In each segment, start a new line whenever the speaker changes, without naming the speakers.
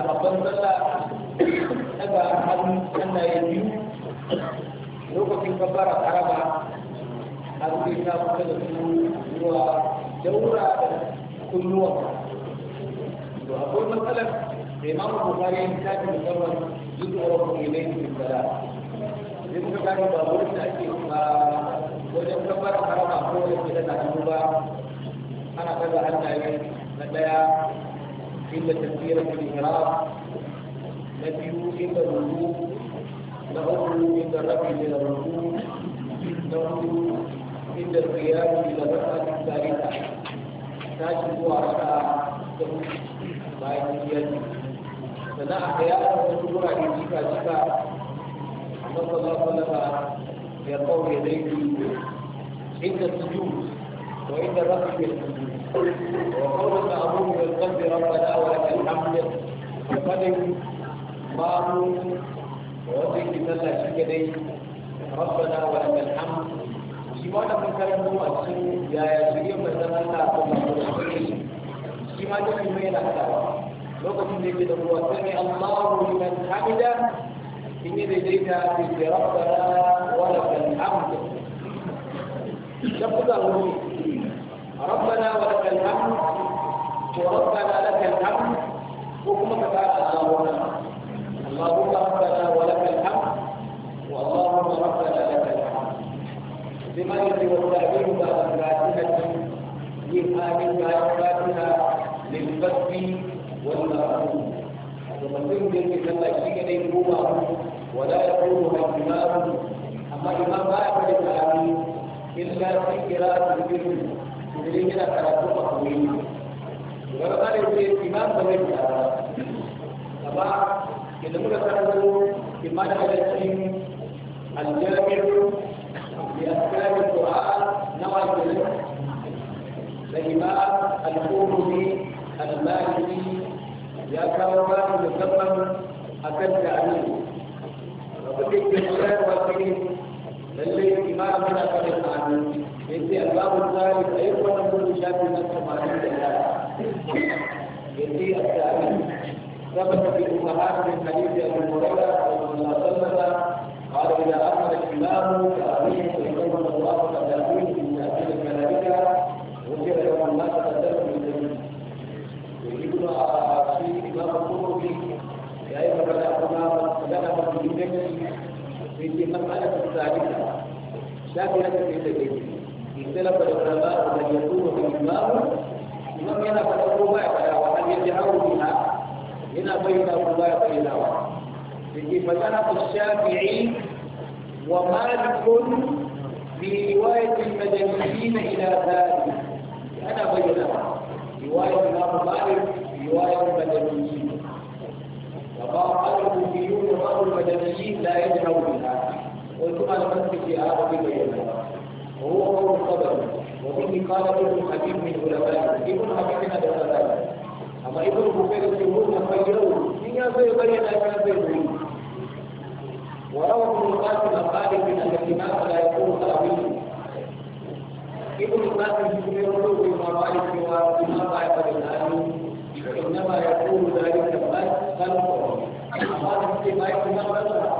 sahabban sallah daga hannun Allah ya biyu lokacin kabbara araba har sai ta kusa da su zuwa daura da kulluwa to akwai matsalar da imamu bukari ta ce musamman duk da wakon ilai da sala sai kuka gani ba da ake ba wajen kabbara araba ko wajen gidan da hannu ba ana kaza hannaye na ɗaya. إلا تسيرة الإهراء نبيه إلا الوجود نغفر إلا الرب إلى الركوب نغفر إلا القيام إلى الرقعة الثالثة تاجب على تموت بعد اليد فنا أحياء تشكر على جيكا جيكا نصر الله خلفا يرفع يديك عند السجود وعند الرقعة السجود وقولك أبوه بالقلب ربنا ولك الحمد وقدم معه من الله شكدي ربنا ولك الحمد شمانا من كلام هو أسن يا يسير مثلا لا تقول شمانا من مين أكتاب لوقت ذيك هو سمع الله لمن حمد إن لديك في ربنا ولك الحمد شكرا لك ربنا ولك الحمد وربنا لك الحمد حكمك تعالى اللهم اللهم ربنا ولك الحمد واللهم ربنا لك الحمد بما يجري والتعبير بعد الفاتحة يفهم الفاتحة للفتح والمرحوم ومن يمكن ان يشرك ولا يكون الامام اما الامام ما يعرف الا في قراءه الجن idan yana karatu a koyi wani tsari ce imam ba zai gyara amma idan muka karatu imam da cikin aljami'ar da askarin qur'an na wajen da imam al-qurani al-maliki ya kawo ba musamman akan ta'alim وفي الجزائر والسجن للي إمام من أكبر العالمين يدي الباب الثالث أيضا كل شاب من الثمانين يدي الثالث ثبت في أمهات من حديث أبي هريرة رضي الله عنه قال إذا أمر الإمام فأمين فيكون الله فتاويه من تأثير الملائكة وجد له ما تقدم من ذنبه يجيبنا في إمام القرطبي يا أيها الأخوة لنا في مسألة الثالثة شافية في اختلف العلماء من يكون الإمام إمام هنا فله ما يفعل وهل يجهر بها هنا بينه ما يفعله فذهب الشافعي ومالك في رواية المدنيين إلى ذلك أنا بينهما رواية الإمام مالك رواية المدنيين وقال الموفيون رواية المدنيين لا يجهر بها قلت أنا في هذا بينهما هو هو الخبر وبه قال ابن حكيم من علماء ابن حكيم هذا الخبر أما ابن بكير الجمهور مخيره من يصير بين أجنبي وروى ابن القاسم خالد من الإمام لا يكون قابلا ابن القاسم يخبره بما قال سوى بما قال بالآن إنما يقول ذلك من خلقه أما الاستماع من خلقه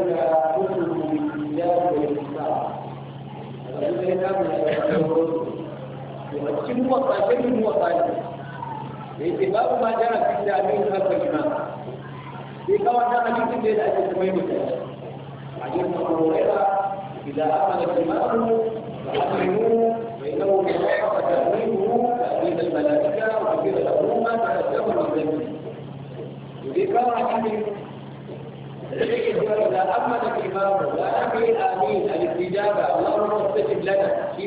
a cikin muwatsa mu da babu ma jara fi da abin harfa jima sai kawai ta hadisin da ya dace kuma yi mutane hadisin abu hurairah إذا أخذ الإمام فأقرموه فإنه يتوقف تأويل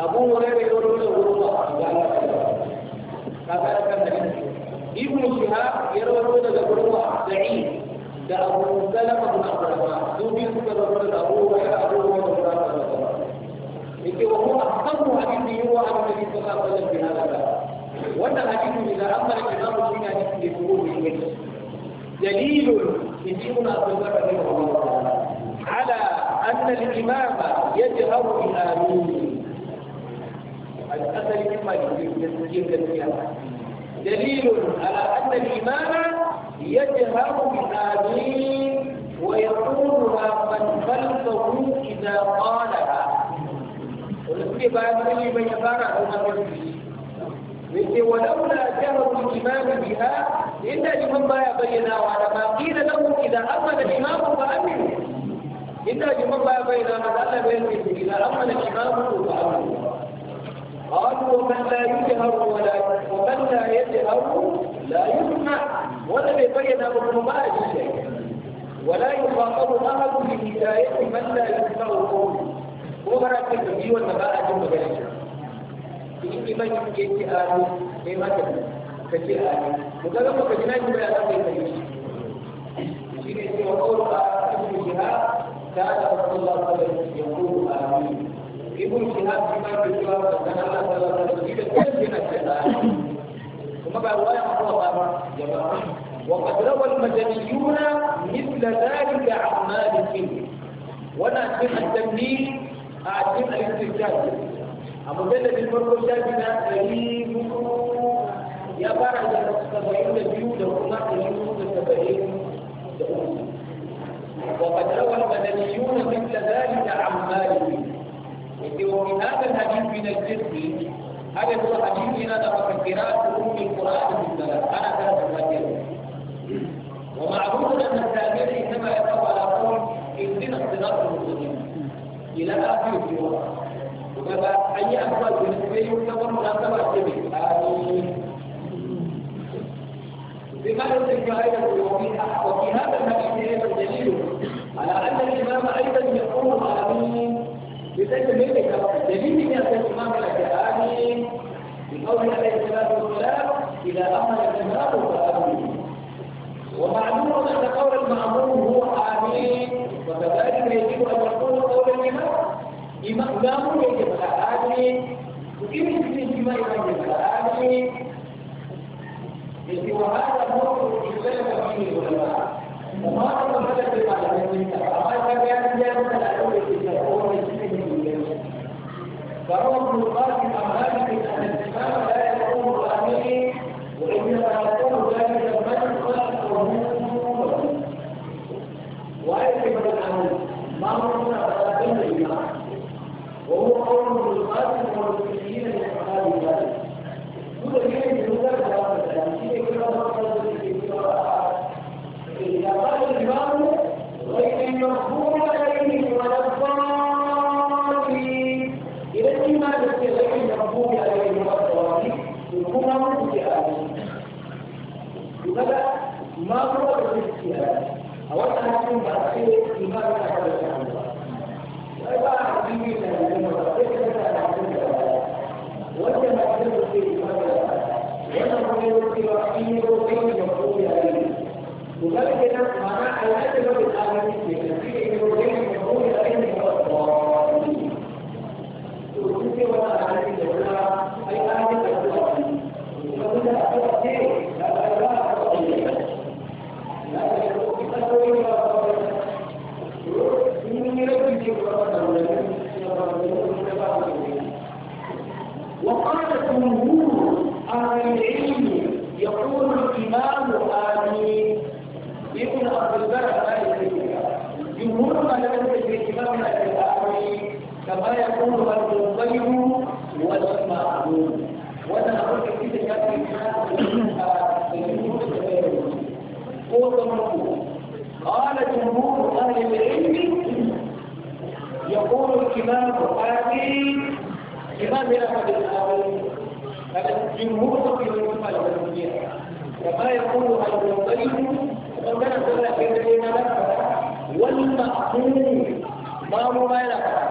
abu hurairah ya rawaito wurin ba da Allah ka ga kan da ibnu shihab ya rawaito daga wurin ba sa'id da abu salama bin abdurrahman dubi suka rawaito da abu hurairah abu hurairah da Allah yake wa huwa ahkamu hadithi huwa annabi sallallahu alaihi wasallam bi hadha wannan hadithin da amma al-imam shine hadithin da yake wurin دليل يجيبنا أبو بكر رحمه الله تعالى على أن الإمام يجهر بآمين الأثر مما يستجيب دليل على أن الإمام يجهر بالامين ويقولها من خلفه إذا قالها ولكن بعد كل من يفارع هنا مثل ولولا جهر الإمام بها إلا لمن ما يبين على ما قيل له إذا أمن الإمام فأمنوا إلا لمن ما يبين على ما قال إذا أمن الإمام فأمنوا قالوا ومن لا يجهر ولا ومن لا يجهر لا يسمع ولم يبين ابن مالك شيء ولا يخاطب احد بهدايه من لا يسمع قوله وغرق النبي والنباء ثم ذلك في من يجي آمين بما تقول كجي آمين وقال لك كجنا يقول أنا كيف يجي يجي يقول آمين بها كان رسول الله صلى الله عليه وسلم يقول آمين وقد روى المدنيون مثل ذلك عن مالك ولا سمع التمليك أعجب الاستشهاد أبو جل في المرة الشاكلة
يا بعد سبعين
جيود وقد روى المدنيون مثل ذلك عن مالك وفي هذا الحديث من الجسم هذا هو حديث لنا قراءة أم القرآن في الصلاة أنا ثلاث مذاكر ومعروف أن التابعين كما يقرأ على قول اهدنا الصراط المستقيم إلى آخر السورة وكذا أي أفضل بالنسبة لي يعتبر مناسبة جميل وفي هذا الحديث أيضا دليل على أن الإمام أيضا y la y de مطلقون قال جمهور أهل العلم يقول الإمام البخاري إمام أحمد الأول الجمهور في المجمع الأولية كما يقول اهل الجمهور ومن سبع كلمة والمأمون ما هو ما يلقى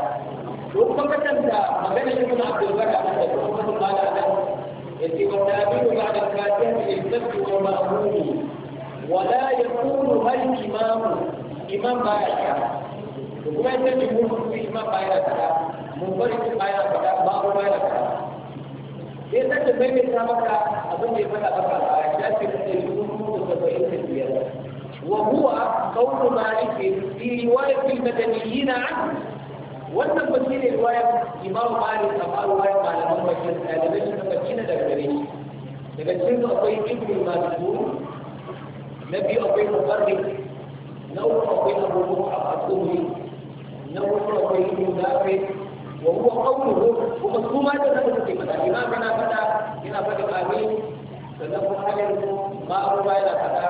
وقفتن دا مغنى ابن عبد البر على قال تعالى يتي والتابعين بعد الفاتحة للسبت والمأمون ولا يكون هل إمام إمام بايعك وما يتجي مرخص في إمام بايعك مبارك بايعك ما هو بايعك إذا تبين إسلامك أظن يفتح أفضل عشاك في المتبعين في البيئة وهو قول مالك في رواية المدنيين عنه wannan ba shi ne ruwayar imamu malik a ba ruwayar malaman bakin ɗalibai suka bakina daga gare shi na biyu akwai mufarri na uku akwai abubuwa a al'ummi na uku akwai mudafe wa huwa qawluhu kuma kuma da nan suke fada imam kana fada yana fada amin sannan kuma halin ma abu ba yana fada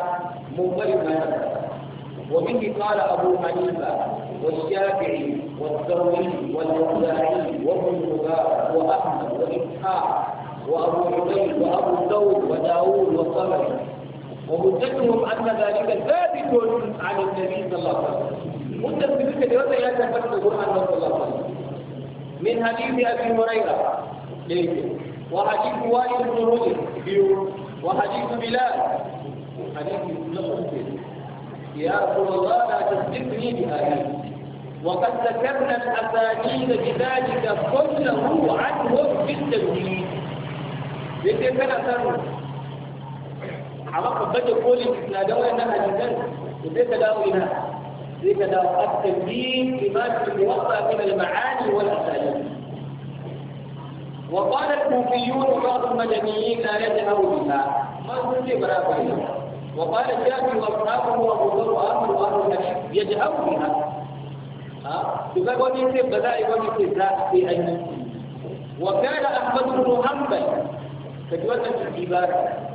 mufarri ma yana fada wa bihi qala abu hanifa والشافعي والثوري والأوزاعي وابن مبارك وأحمد وإسحاق وأبو عبيد وأبو ثور وداوود والصبري ومدتهم أن ذلك ثابت عن النبي صلى الله عليه وسلم مدة تلك اليوم لا تفكر عن صلى الله عليه وسلم من حديث أبي هريرة وحديث وائل بن رجل وحديث بلال حديث مسلم يا رسول الله لا تصدقني بهذه وقد ذكرنا الأسانيد بذلك كله عنهم في التوحيد. لكن كان amma ka baje koli na da wayannan hadisan to sai ka dawo ina sai ka dawo at-tabiin min al-ma'ani wal وقال الكوفيون وبعض المدنيين لا يجهر بها ما يقول لي بلا وقال الشافعي واصحابه وابو ذر واهل واهل الحديث يجهر بها ها يبقى وني سي بدا وني سي ذا في اي وكان احمد بن حنبل في العباره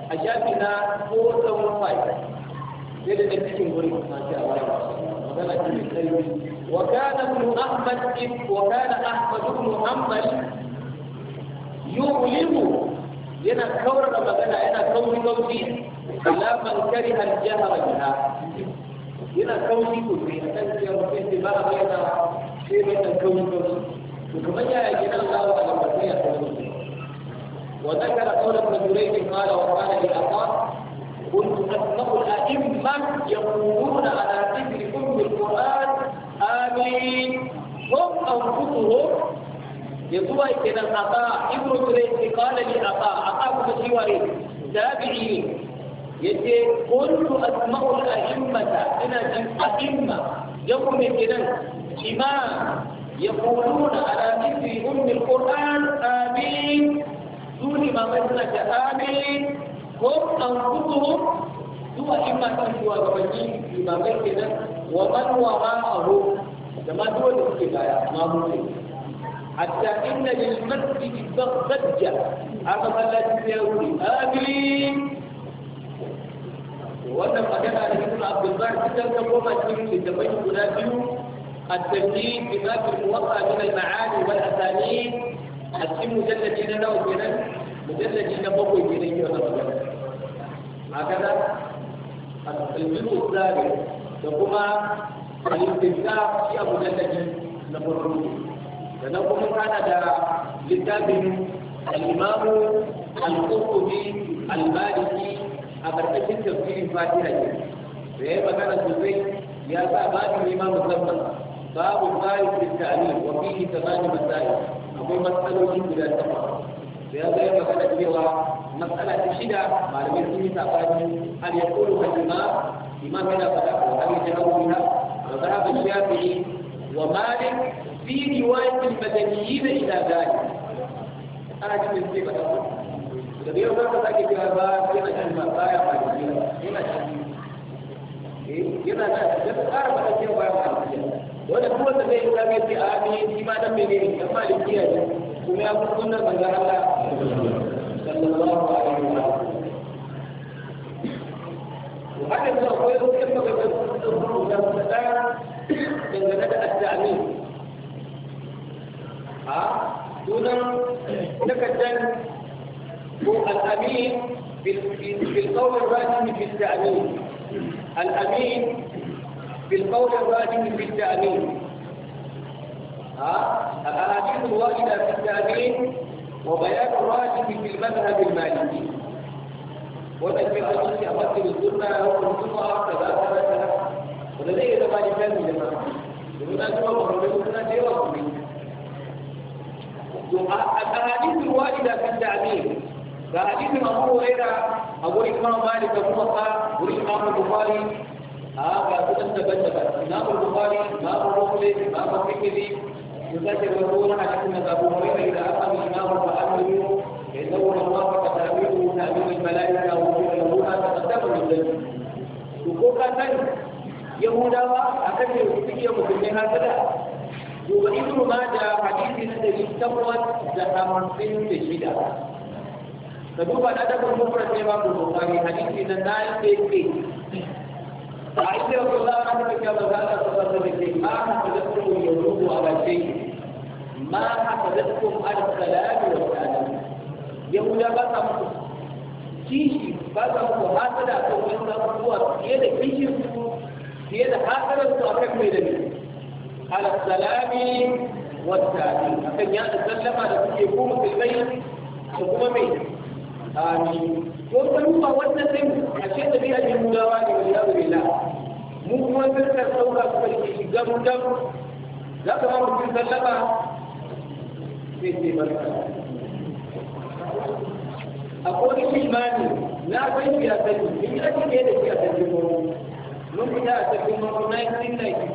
وكان ابن أحمد وكان أحمد بن محمد يؤلم لنا كورا ما أنا كوني كوني إلا من كره الجهر بها لنا كوني كوني أتنسي يا مكين في بلغ لنا شيء من الكوني كوني وكما جاء جنال الله على مكين يا كوني وذكر قول ابن جريج قال وقال لي أخاك قلت أنه الأئمة يقولون على ذكر أم القرآن آمين هم أنفسهم يقول إن الأطاع ابن جريج قال لي أطاع أطاع بن سيوري تابعين يجي قلت أسماء الأئمة أنا جن أئمة يقول إن إمام يقولون على ذكر أم القرآن آمين دون ما ملك آمين هم أنفسهم سوى إما تنسوا الرجيم بما بيننا ومن وراءه كما دول الكفاية ما ممكن حتى إن للمسجد ضجة أمام الذي يقول آمين wannan magana على ibn عبد cikin ta goma cikin لتبين guda biyu بما في الموقع من المعاني والاسانيد a cikin mujallaji na nawa kenan mujallaji na bakwai kenan yau na magana hakaza al-ilmu zabi da kuma al-istinsa shi a mujallaji na farko sannan kuma kana da littafin al-imamu al-qurtubi al-maliki a karkashin tafsirin fatiha ne da ya magana sosai ya sa babu ne ma musamman babu tsari kristiyanin wa fihi tsamani masail akwai matsaloli guda takwas da ya zai magana cewa matsala ta shida malamai sun yi sabani an ya kulu halima imam yana faɗa ko an yi jahawu na wa zahaba shafi'i wa malik fi riwayatil madaniyyin ila zalik ana cikin sai faɗa ko da bai yau zaka sake cewa ba yana cikin matsaya malikiya yana cikin yana da ƙara faɗa cewa ba malikiya wanda kuma da zai ta mai ce a hannun shi ma dan mai ne dan malikiya ne kuma ya fi sunnar manzon Allah sallallahu alaihi wa sallam haka yanzu akwai wasu kan magana da rubuta da tsaya dangane da addami a sunan takaddan ko al'amin بالقول الراسمي في التعميم الأمين بالقول الواجب في التأمين ها الأحاديث الواجبة في التأمين وبيان الواجب في المذهب المالكي
وتكفير الأمين أمثل السنة أو السنة كذا كذا
ولدي إذا ما يفهم لما يقول أنت ما مهربين سنة جيرا الأحاديث الواجبة في التأمين الأحاديث أبو هريرة أبو الإمام مالك أبو بكر أبو الإمام البخاري haka kudin daban-daban na ɓarɓar kwari na ɓarɓar kule na ɓarɓar kiri su zai ga ruwa na cikin na zaɓu mai mai da aka mai na ɓarɓar al'amari ya yi zaɓu na ɓarɓar ka tafi da wuta ne mai bala'i na wuce da ruwa ta ɓarɓar da mai zai su ko kan nan yahudawa a kan yau su fiye musulmi har gada to ba ibn maja hadisi na dari tabbas da hamsin da shida ka duba na dabar mufrat ne ba ku bukari hadisi na nan da ya ke عائشة رضي الله عنها كما قال صلى الله عليه وسلم ما حفظتكم اليهود على شيء ما حفظتكم عن الصلاة والسلام يهودا بس kishi ba za ku hasada kan wani abubuwa fiye da kishin su fiye da hasadar su akan mai da ni ala salami wa tabi akan ya sallama da kuke ku musulmai da kuma mai amin ko ta duba wannan din a ce da biya jin mudawa ne wani yaro ne mu kuma sun ka sauka su karki shiga gabu gabu za ka ba mu sun sallama sai sai barka a kodin imani na kai ki a sani in ya ci da ki a sani ko mun fita a sani ko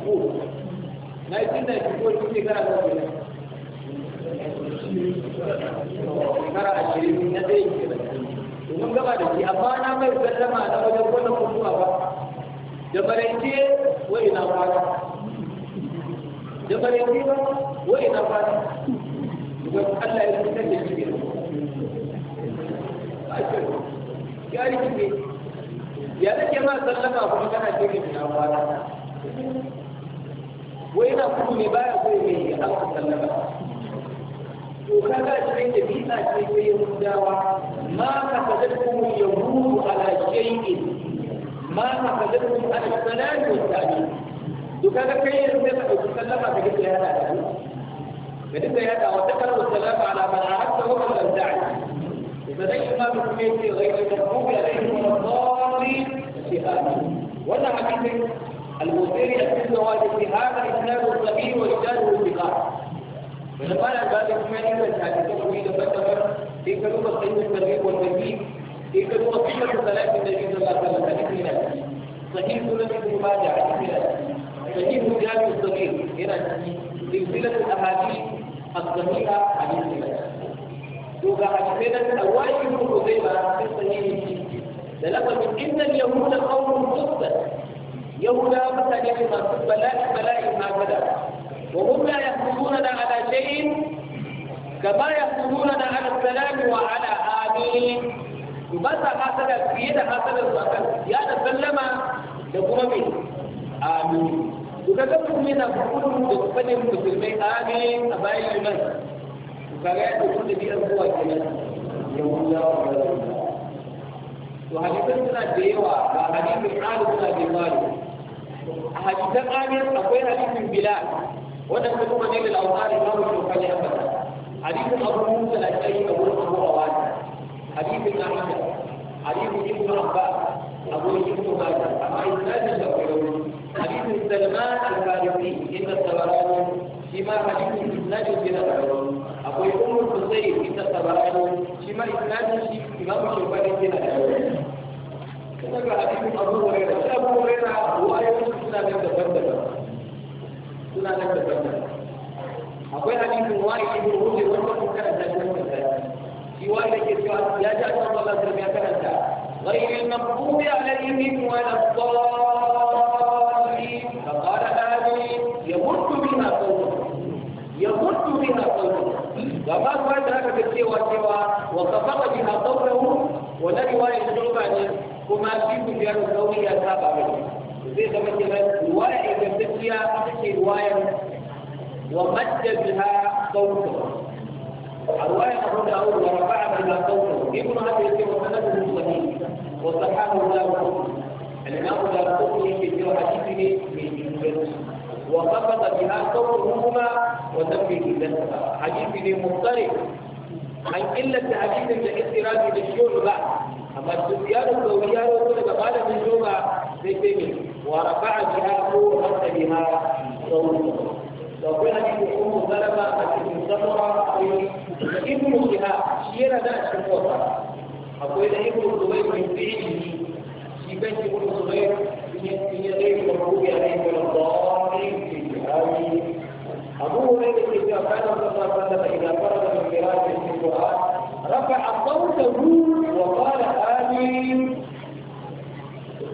1994 1994 shi ne kana kawai shekara ashirin na ɗaya kenan domin gaba da shi amma na mai sallama na wajen wannan mutuwa ba da farance wai ina fara da farance ba wai ina fara wani Allah ya fitar da shi ya rikice ya nake ma sallama kuma kana ce ina fara wai ina kuma ne baya so ya mai ya sallama وكذا شيء بيئة في يهوداوة ما أخذتكم اليهود على شيء ما أخذتكم على السلام والتعليم وكذا كي يتسلم بجد هذا بجد هذا وتكره السلام على من عرفته ومن لم تعرف فليس ما بسميته غير المغضوب عليهم ولا الضالين شهاده ولا حديث الوزير يحسن واجب هذا الاسلام الصغير والجاد ونقال بعد كمان إذا تعرفت وين ذكر لغة علم الترغيب والترهيب تلك لغة قيمة صلاة النبي صلى الله عليه وسلم حديث من صحيح سنة الصغير هنا سلسلة الأحاديث الصحيحة حديث من لغة حديثنا الأول في صحيح ده إن اليهود قوم قصة يهودا مثلا ما بلاء بلاء ما بدأ وهم لا يحكموننا على شيء كما يحكموننا على السلام وعلى آمين بس حسنا في يد حسنا الزكاة يا تسلم لكم من آمين وكذبتم من أبوكم في المسلمين آمين أبائي لمن وكذلك كنت في أبوة كمان يقول الله وحديثنا ديوة وحديث الحال بن أبي طالب حديث آمين أقول حديث بلاد wannan kuma ne da alƙari ba mu shoka ne haka hadisin abu musa da kai da wurin abu awani hadisin ahmad hadisin ibn abbas abu ibn majah amma isnadin da kai rauni hadisin salman al-farisi inda tabarani shi ma hadisin isnadin da kai rauni akwai umar kusai inda tabarani shi ma isnadin shi imamu shoka ne da kai rauni kuma ga hadisin abu hurairah abu hurairah ruwayoyin suna da daban-daban suna nan da bambam akwai hadisin wani ibn hujjar wanda kun karanta shi wannan sai shi wani yake cewa ya ji Allah sallallahu alaihi wasallam ya karanta غير المغضوب عليهم ولا الضالين فقال آمين يمد بها قومه يمد بها قومه وما فات هذا في السوى سوى وخفق بها قومه ولا رواية شعبة كما في بلاد القوية تابعة زي ما كده رواية ومد بها صوته
الرواية أبو داود ورفع بها صوته ابن أبي يسير وسنده صحيح وصححه داود الإمام داود في حديثه
من وخفض بها صوتهما وسمه لسبا حديث مضطرب عن قلة حديث الاستراج للشعبة أما السفيان الثوري يقول قال ابن شعبة ورفع بها صوته Na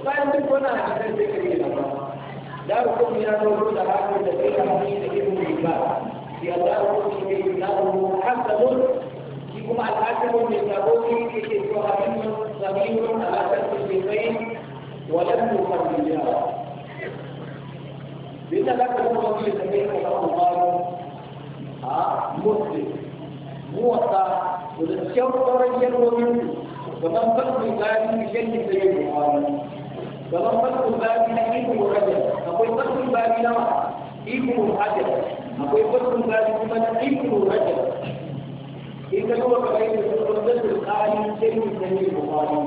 Thank you. لا يكون من الموجود هذا الذي حديث ابن حبان في الله يقول انه حسن يكون الحسن للنبوي في تسعه صغير على سبب البيت ولم يخرجها لأن لك الرسول الذي خلق الله مسلم موصى وللشوق رجل ومنه ومن فضل ذلك بشيء سيد العالمين kamar fasul babi na ikon hajar akwai fasul babi na ikon hajar akwai fasul babi kuma na ikon hajar in ka zuwa kamar yadda sun zata tsari jirgin da ne bukari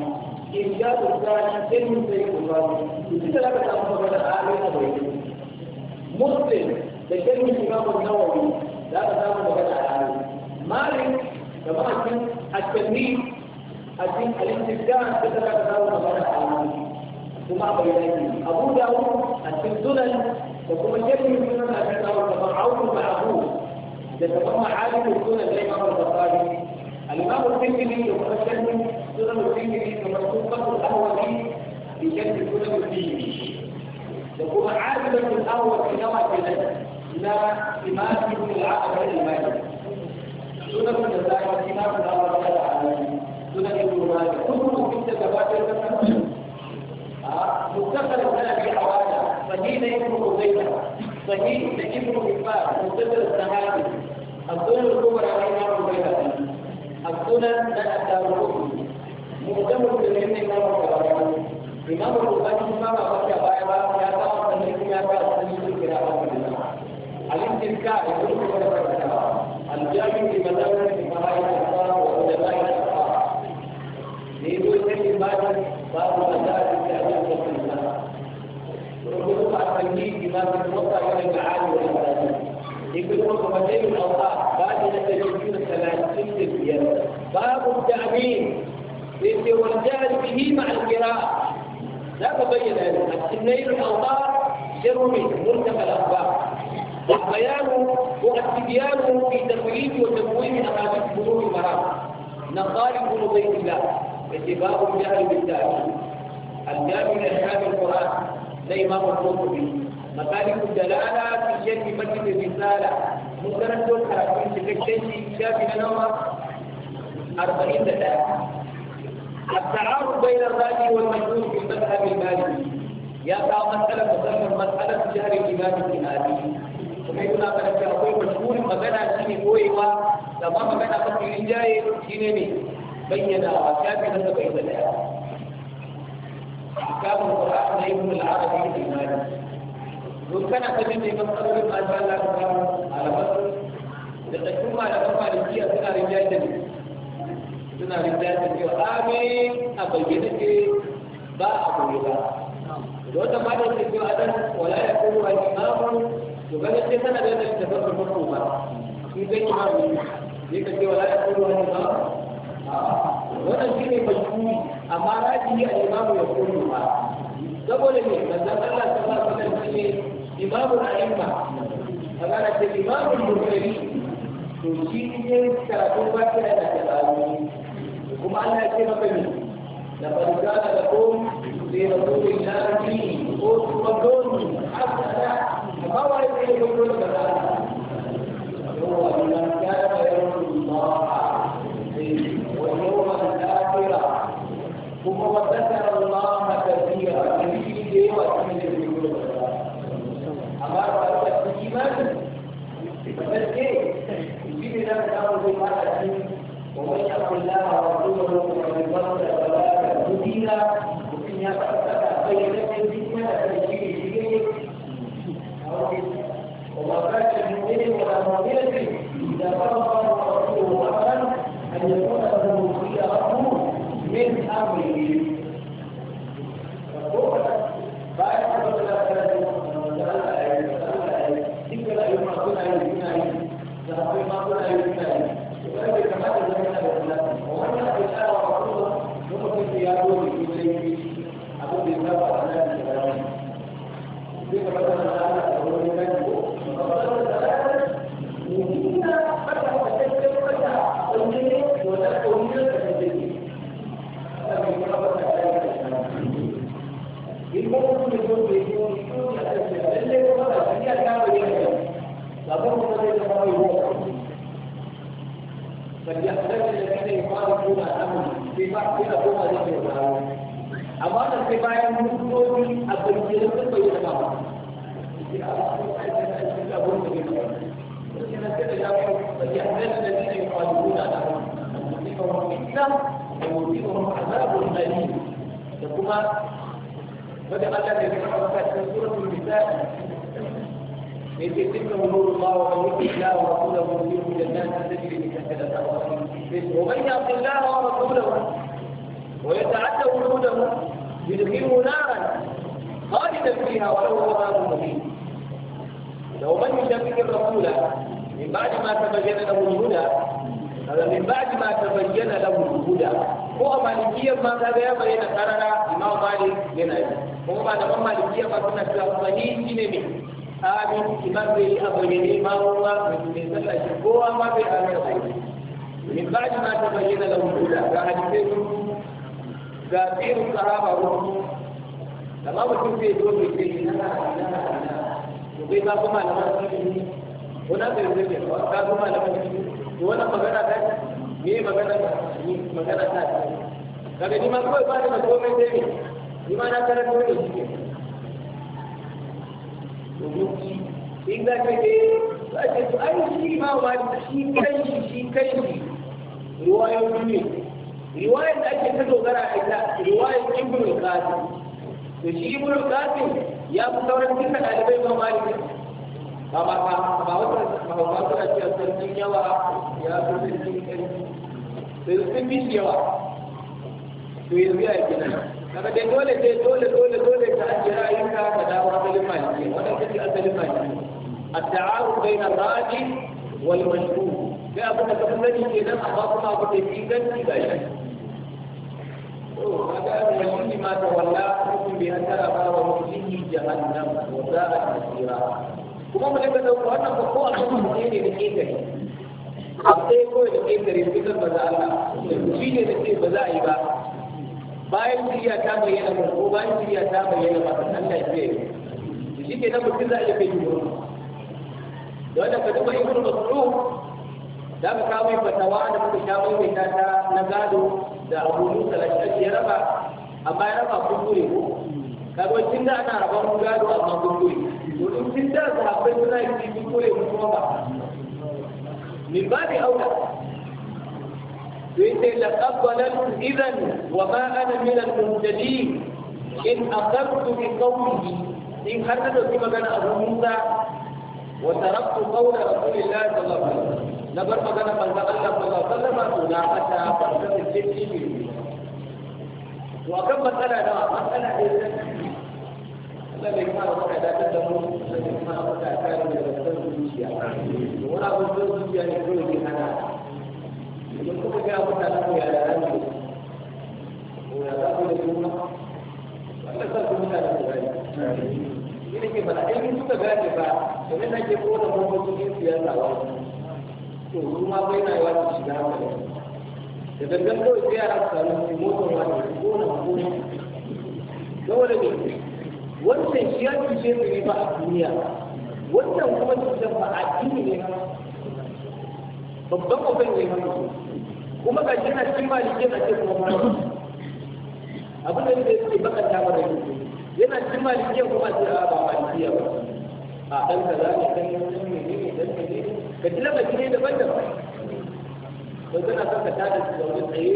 in ja su tsari jirgin da ne bukari duk da aka samu kamar da ari a bai muslim da jirgin imamun nawawi za ka samu kamar da ari malik da ma'akin a cikin a cikin alistikan da ta ka samu kamar da ari وما بيانه أبو داود السنن وكما كثير السنن أبي داود تبرعون معه يتبرع عالم السنن زي ما البخاري الإمام السنن ومسلم سنن الترمذي ومسلم الأول في شرح سنن الترمذي وكما عالم الأول في نوع الجنة إلى إمام ابن العقبة المالي سنن النسائي إمام الأول على العالمين سنن ابن ماجه كلهم في التتبادل مختصر الذهبي حوالا صحيح ابن قبيلة صحيح ابن حبان مختصر الذهبي السنن الكبرى للإمام البيهقي السنن الدارقطني مهتم بالعلم إمام البخاري إمام البخاري إمام أبو شعبة يا ترى سنيكم يا ترى سنيكم قراءة الاستذكار يدل على الجامع لمدارس الفقهاء الأخبار وعلماء الأخبار ليدل في باب باب مدارس ما تتوقع من المعاد والعبادات يقول ركبتين الاوقات بعد ان تجدون ثلاثين تسجيل باب التامين والجهل به مع القراءه لا تبين هذا السنين الاوقات به مرتفع الاخبار والبيان والاستبيان في تفريج وتكوين احاديث بلوغ المرام نقارب بيت الله اتباع الجهل بالتعليم الجامع من احكام القران زي ما مربوط به مقالب الدلالة في شرح مسجد الرسالة ممكن تقول حرفين تكتشي شافي نوع أربعين دلالة التعارض بين الراجي والمجنون في المذهب المالكي يا ترى مسألة مسألة شهر الإمام الإمامي وكيفنا فلك أقول مشهور مغنى شيني قويوة لما مغنى فكي رجاي شيني بينا وشافي نوع بين دلالة أحكام القرآن ابن العربي الإمامي don kana kaji ne kan tsarin masu Allah da malikiya suna da ne suna da ne a bayyana ke ba a koyi ba da wata ma da ke dan wala ya kuma wani imamun to da yadda ta ba in zai yi ne ka ce wala ya kuma wani imamun wannan shi ne amma ya kuma ba saboda ne Allah imamu al'imma magana ce imamu al'ummari to shi ne karatun bakin da ke kuma an yake maka ne da farka da ko sai da ko da yaki ko kuma gomi hasada ba wai sai da ko da Allah أو الوضع فليحتاج الذين يخالفون أمره في بعض أبوها لهم أما أن في بعض المسلمين أبوهم بينهم فليحتاج الذين يخالفون أمره أن تصيبهم فتنة ويصيبهم عذاب أليم ثم بدأ الله في سورة النساء يجي تلك نور الله ومن الله ورسوله يدخل جنات تجري من تحتها الانهار ومن يعص الله ورسوله ويتعدى وجوده يدخله نارا خالدا فيها وله عذاب مهين لو من يشبك الرسول من بعد ما تبين له الهدى هذا من بعد ما تبين له الهدى هو مالكية ما هذا يا بين قرر إمام مالك لنا هو ما دام مالكية ما كنا في الصحيح إنمي amin imam bai yi a bayyane ma ruwa mai sallah shi kowa ma bai amin a bayyane min ba shi ma ta bayyana da hukuda ga hadisai sun ga tsirin sahaba ruwa amma mutum zo ce na na na na to ba kuma na wasu ilimi wani bai zai zai Ka kuma na wasu ilimi to wannan magana ta me magana ta magana Ka ta ni ma kawai ba da komai sai ne ni ma na karanta wani shi ne domin in za ka je za ka to ai shi ma wani shi kanshi shi kanshi riwayoyi ne riwayar da ake ta dogara a ita riwayar ibn qasim to shi ibn qasim ya fi sauran duka ɗalibai ma maliki ba ba ba ba wata ba ba sarkin yawa ya fi sarkin kanshi sai sun bi yawa to yanzu ya gina kaga dai dole sai dole dole dole ka ajiye ra'ayinka ka dawo asalin maliki wannan kace asalin maliki at-ta'aruf bayna ar-raji wal majhul sai abin da kafin sani kenan amma kuma abu da ke ganci ga shi to kaga wani ma ta walla hukum bi an tara ba wa mutihi jahannam wa sa'at masira kuma mu dinga da wannan ba ko a cikin ne da ke gari akwai kawai da ke gari fitar ba za Allah shi ne da ke ba za a yi ba bayan kiriya ta bayyana ba ko bayan kiriya ta bayyana ba sannan da ya yi shi ke na mutum za a yi kai jimuru da wanda ka duba ibn mas'ud da ka kawo fatawa da muka sha mai ta ta na gado da abu musa al ya raba amma ya raba kuskure ko kaga kin da ana raban gado amma kuskure to in kin da sahabbai suna yi kuskure kuma ba min babi aula yace laqad dalaltu idan wa ma ana min al-mubtadin in aqartu bi qawlihi in har da dauki magana abu Musa wa taraktu qawla Rasulillah sallallahu alaihi wasallam na bar magana manzon Allah sallallahu alaihi wasallam to na fata farkan cikin ilimi to akan matsala da matsala da Allah bai kama maka da ta da mu da kuma maka idan kuka gaya mutanen ku yaya za ku ko ya za ku da juna wanda sa ku mutanen ku gani shi ne ke faɗa in suka gane ba domin na ke kowane mambobin siyasa wani to kuma bai na yawa su shiga haka ne da dangan kawai sai yara su motar wani ko na kuma dole ne wannan shi ya cuce su ne ba a duniya wannan kuma cutar ba a ne babban abin ne hannu kuma ga jina cin cikin yana ce kuma mara abu da yake yake baka ta mara yi yana cikin maliki kuma ce a ah, ba maliki ba a dan kaza ne dan ne ne dan ne ka da ne daban-daban ba kana son ka tada su zaune tsaye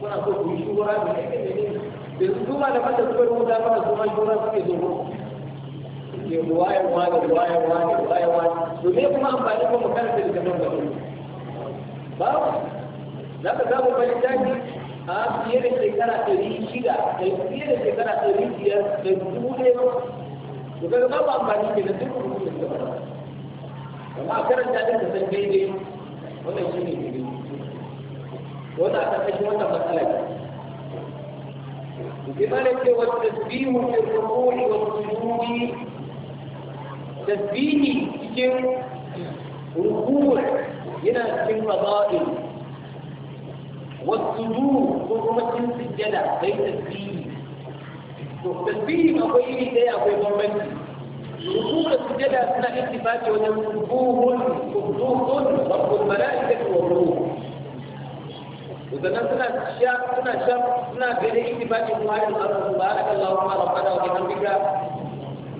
kuna so ku yi shugura ne ne ne da su ma da mata suka rubuta mana su ma shugura suke zo ke ruwayan da ruwayan wa da ruwayan wa to me kuma amfani ko mu karanta da kaman gaba ba za ka samu bari tafi a fiye da shekara ɗari shida da fiye da shekara ɗari biyar da dubu ɗaya to kaga babu amfani ke da duk rubutun da ba amma a karanta da san daidai wannan shi ne daidai wannan a ƙarƙashin wannan matsala بما لك والتسبيح في الركوع والسجود tasbihi cikin rukuwa yana cikin fada'il wasu duru ko kuma cikin sujjada bai tasbihi to tasbihi akwai iri ɗaya akwai bambanci rukuwa sujjada suna ittifaqi wajen rukuhun kuduhun rabbul mala'ikati wa ruh وذلك سنة شاب سنة شاب سنة غير اتفاق المعارض سبحانك اللهم ربنا وبحمدك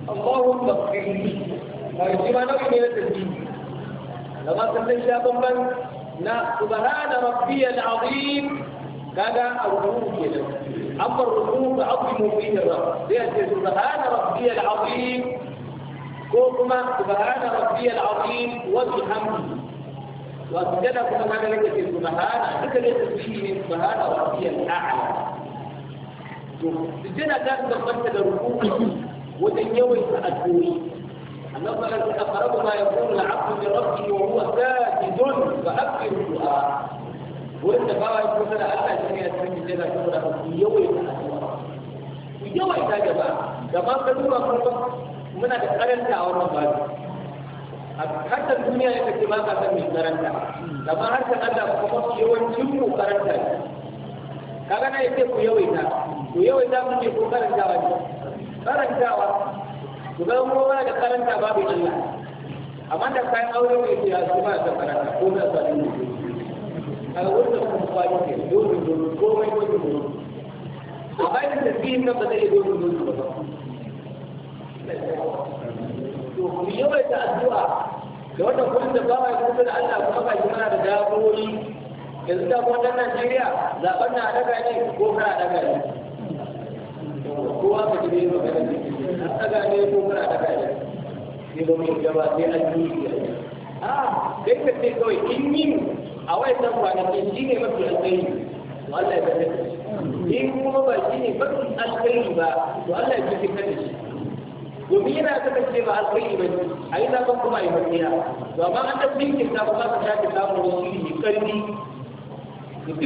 اللهم اغفر لي ba shi ma nau'i ne na tasbihi da ba ta sai ya bamban na subhana rabbiyal azim kaga al-ruku kenan amma ruku ba azimu fihi rabb sai ce subhana rabbiyal azim ko kuma subhana rabbiyal azim wa bihamdihi وسجدها كما كان لك في سبحان ذكر التسبيح من سبحان ربي الاعلى سجدها كانت تقصد الركوع وتنيوي التأكوي اللهم الذي أقرب ما يكون العبد لربه وهو ساجد فأكثر الدعاء وإنت بقى يقول لنا ألا جميع السنة لنا كنا في يوم في يوم إذا جماعة جماعة كدورة فرقة من أدخلنت أو رمضان حتى الدنيا يتكلم ما تسمي كرنتا لما حتى أنا فقط يوم جمع كرنتا كأنا يتكلم يوم إذا ويوم إذا من يكون كرنتا كرنتا Zuba mu ba da karanta babu illa. Amma da kayan aure ne ke ya da karanta ko da sa ne. A wannan kuma ke dole dole dole. A bayan da biyu na ba zai dole dole ba. To mu addu'a da kullum da ba kuma da Allah kuma ba shi mana da yanzu da kuma dan Najeriya zaben na daga ne ko kana daga ne kowa ba ji ne ne an tsaga ne ko da kai gaba sai an yi a ka ce kawai in yi a wai san kwanaki shi ne mafi alkhairi to Allah ya shi in kuma ba shi ne mafi ba to Allah ya ka da shi domin yana kasance ba alkhairi ba a yi zaɓen kuma a yi mafiya to amma an ɗan ɗinkin ta kuma ka ƙarfi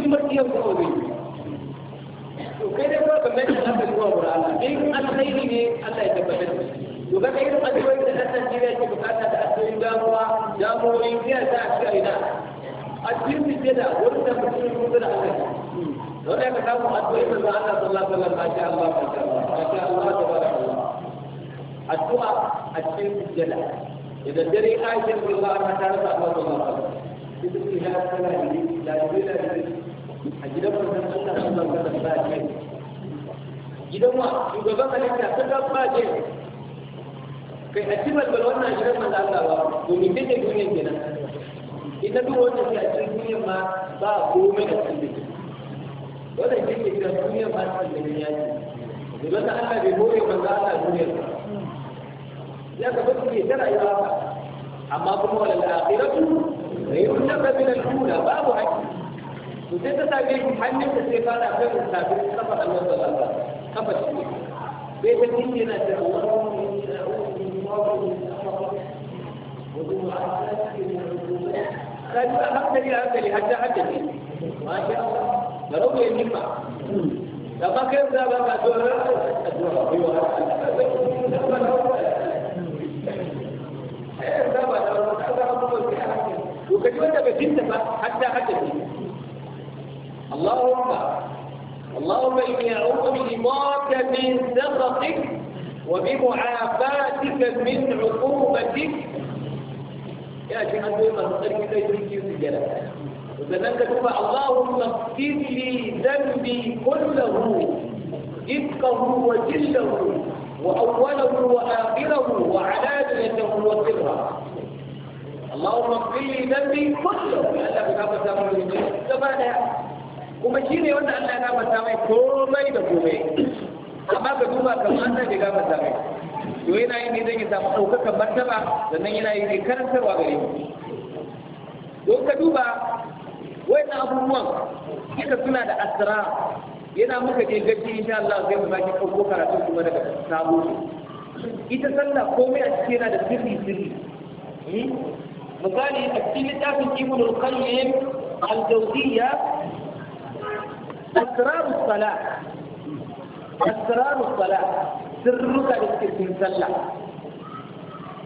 mafiyan kuma zai yi
to kai dai ba kamar da Allah zuwa wurin Allah in alkhairi ne Allah ya
tabbatar da shi to ga irin addu'o'i da Allah ji ne ke bukata da addu'o'in damuwa damuwoyin biya za a ci aina a cikin fice da wurin da mutum ya mutu da Allah don haka samu addu'o'i da Allah sallallahu alaihi wasallam masha Allah masha Allah masha Allah tabarakallah addu'a a cikin fice da idan dare ayyukan Allah ta rasa Allah sallallahu alaihi wasallam ita ce ya tsara ne da dole ne a gidan wannan Allah sun zama da ba ke gidan wa shugaban halitta sun zama ba ke kai a cibar bal wannan gidan manzo Allah ba domin duk da duniyar kenan ita duk wannan sai a duniyar ma ba komai da cikin wannan shi ne duniyar ma ta da duniya ce domin Allah bai hore manzo Allah duniyar ya ka ba ke tara ya amma kuma wal akhiratu khayrun min al-ula babu hakki to sai ta same shi hannun da sai fara kai mun tafi kafa Allah sallallahu alaihi wasallam kafa shi bai ta kin yana da Allahu inna a'udhu billahi min ash-shaytanir rajim wa bi mu'azzati min
al-rujum kai ba hankali hankali hadda hadda ne ma sha Allah da rawaye ni ba
da ba kai da ba ka dora addu'a bai wa eh da ba da ba ka ba ko kaji wanda ba tinta ba hadda hadda ne اللهم اللهم إني أعوذ برضاك من سخطك وبمعافاتك من عقوبتك يا شيخ أنت ما تقول كده يجي في الجلال وسلمت كفى اللهم اغفر لي ذنبي كله دقه وجله وأوله وآخره وعلانيته وسره اللهم اغفر لي ذنبي كله لأنه كتاب سامر من كما kuma shi ne wanda Allah ya gafarta mai komai da komai amma ka duba kamar Allah bai gafarta mai to yana yi ne zan yi samu ɗaukakan martaba sannan yana yi ne karantarwa gare mu don ka duba wayannan abubuwan duka suna da asira yana muka je gaji insha Allah zai mu baki ɗauko karatu kuma daga sabo ita sallah komai a cikin yana da sirri sirri hmm? misali a cikin littafin ibn al-qayyim al-jawziyya asrar sala asrar sala sirruka da suke cikin sallah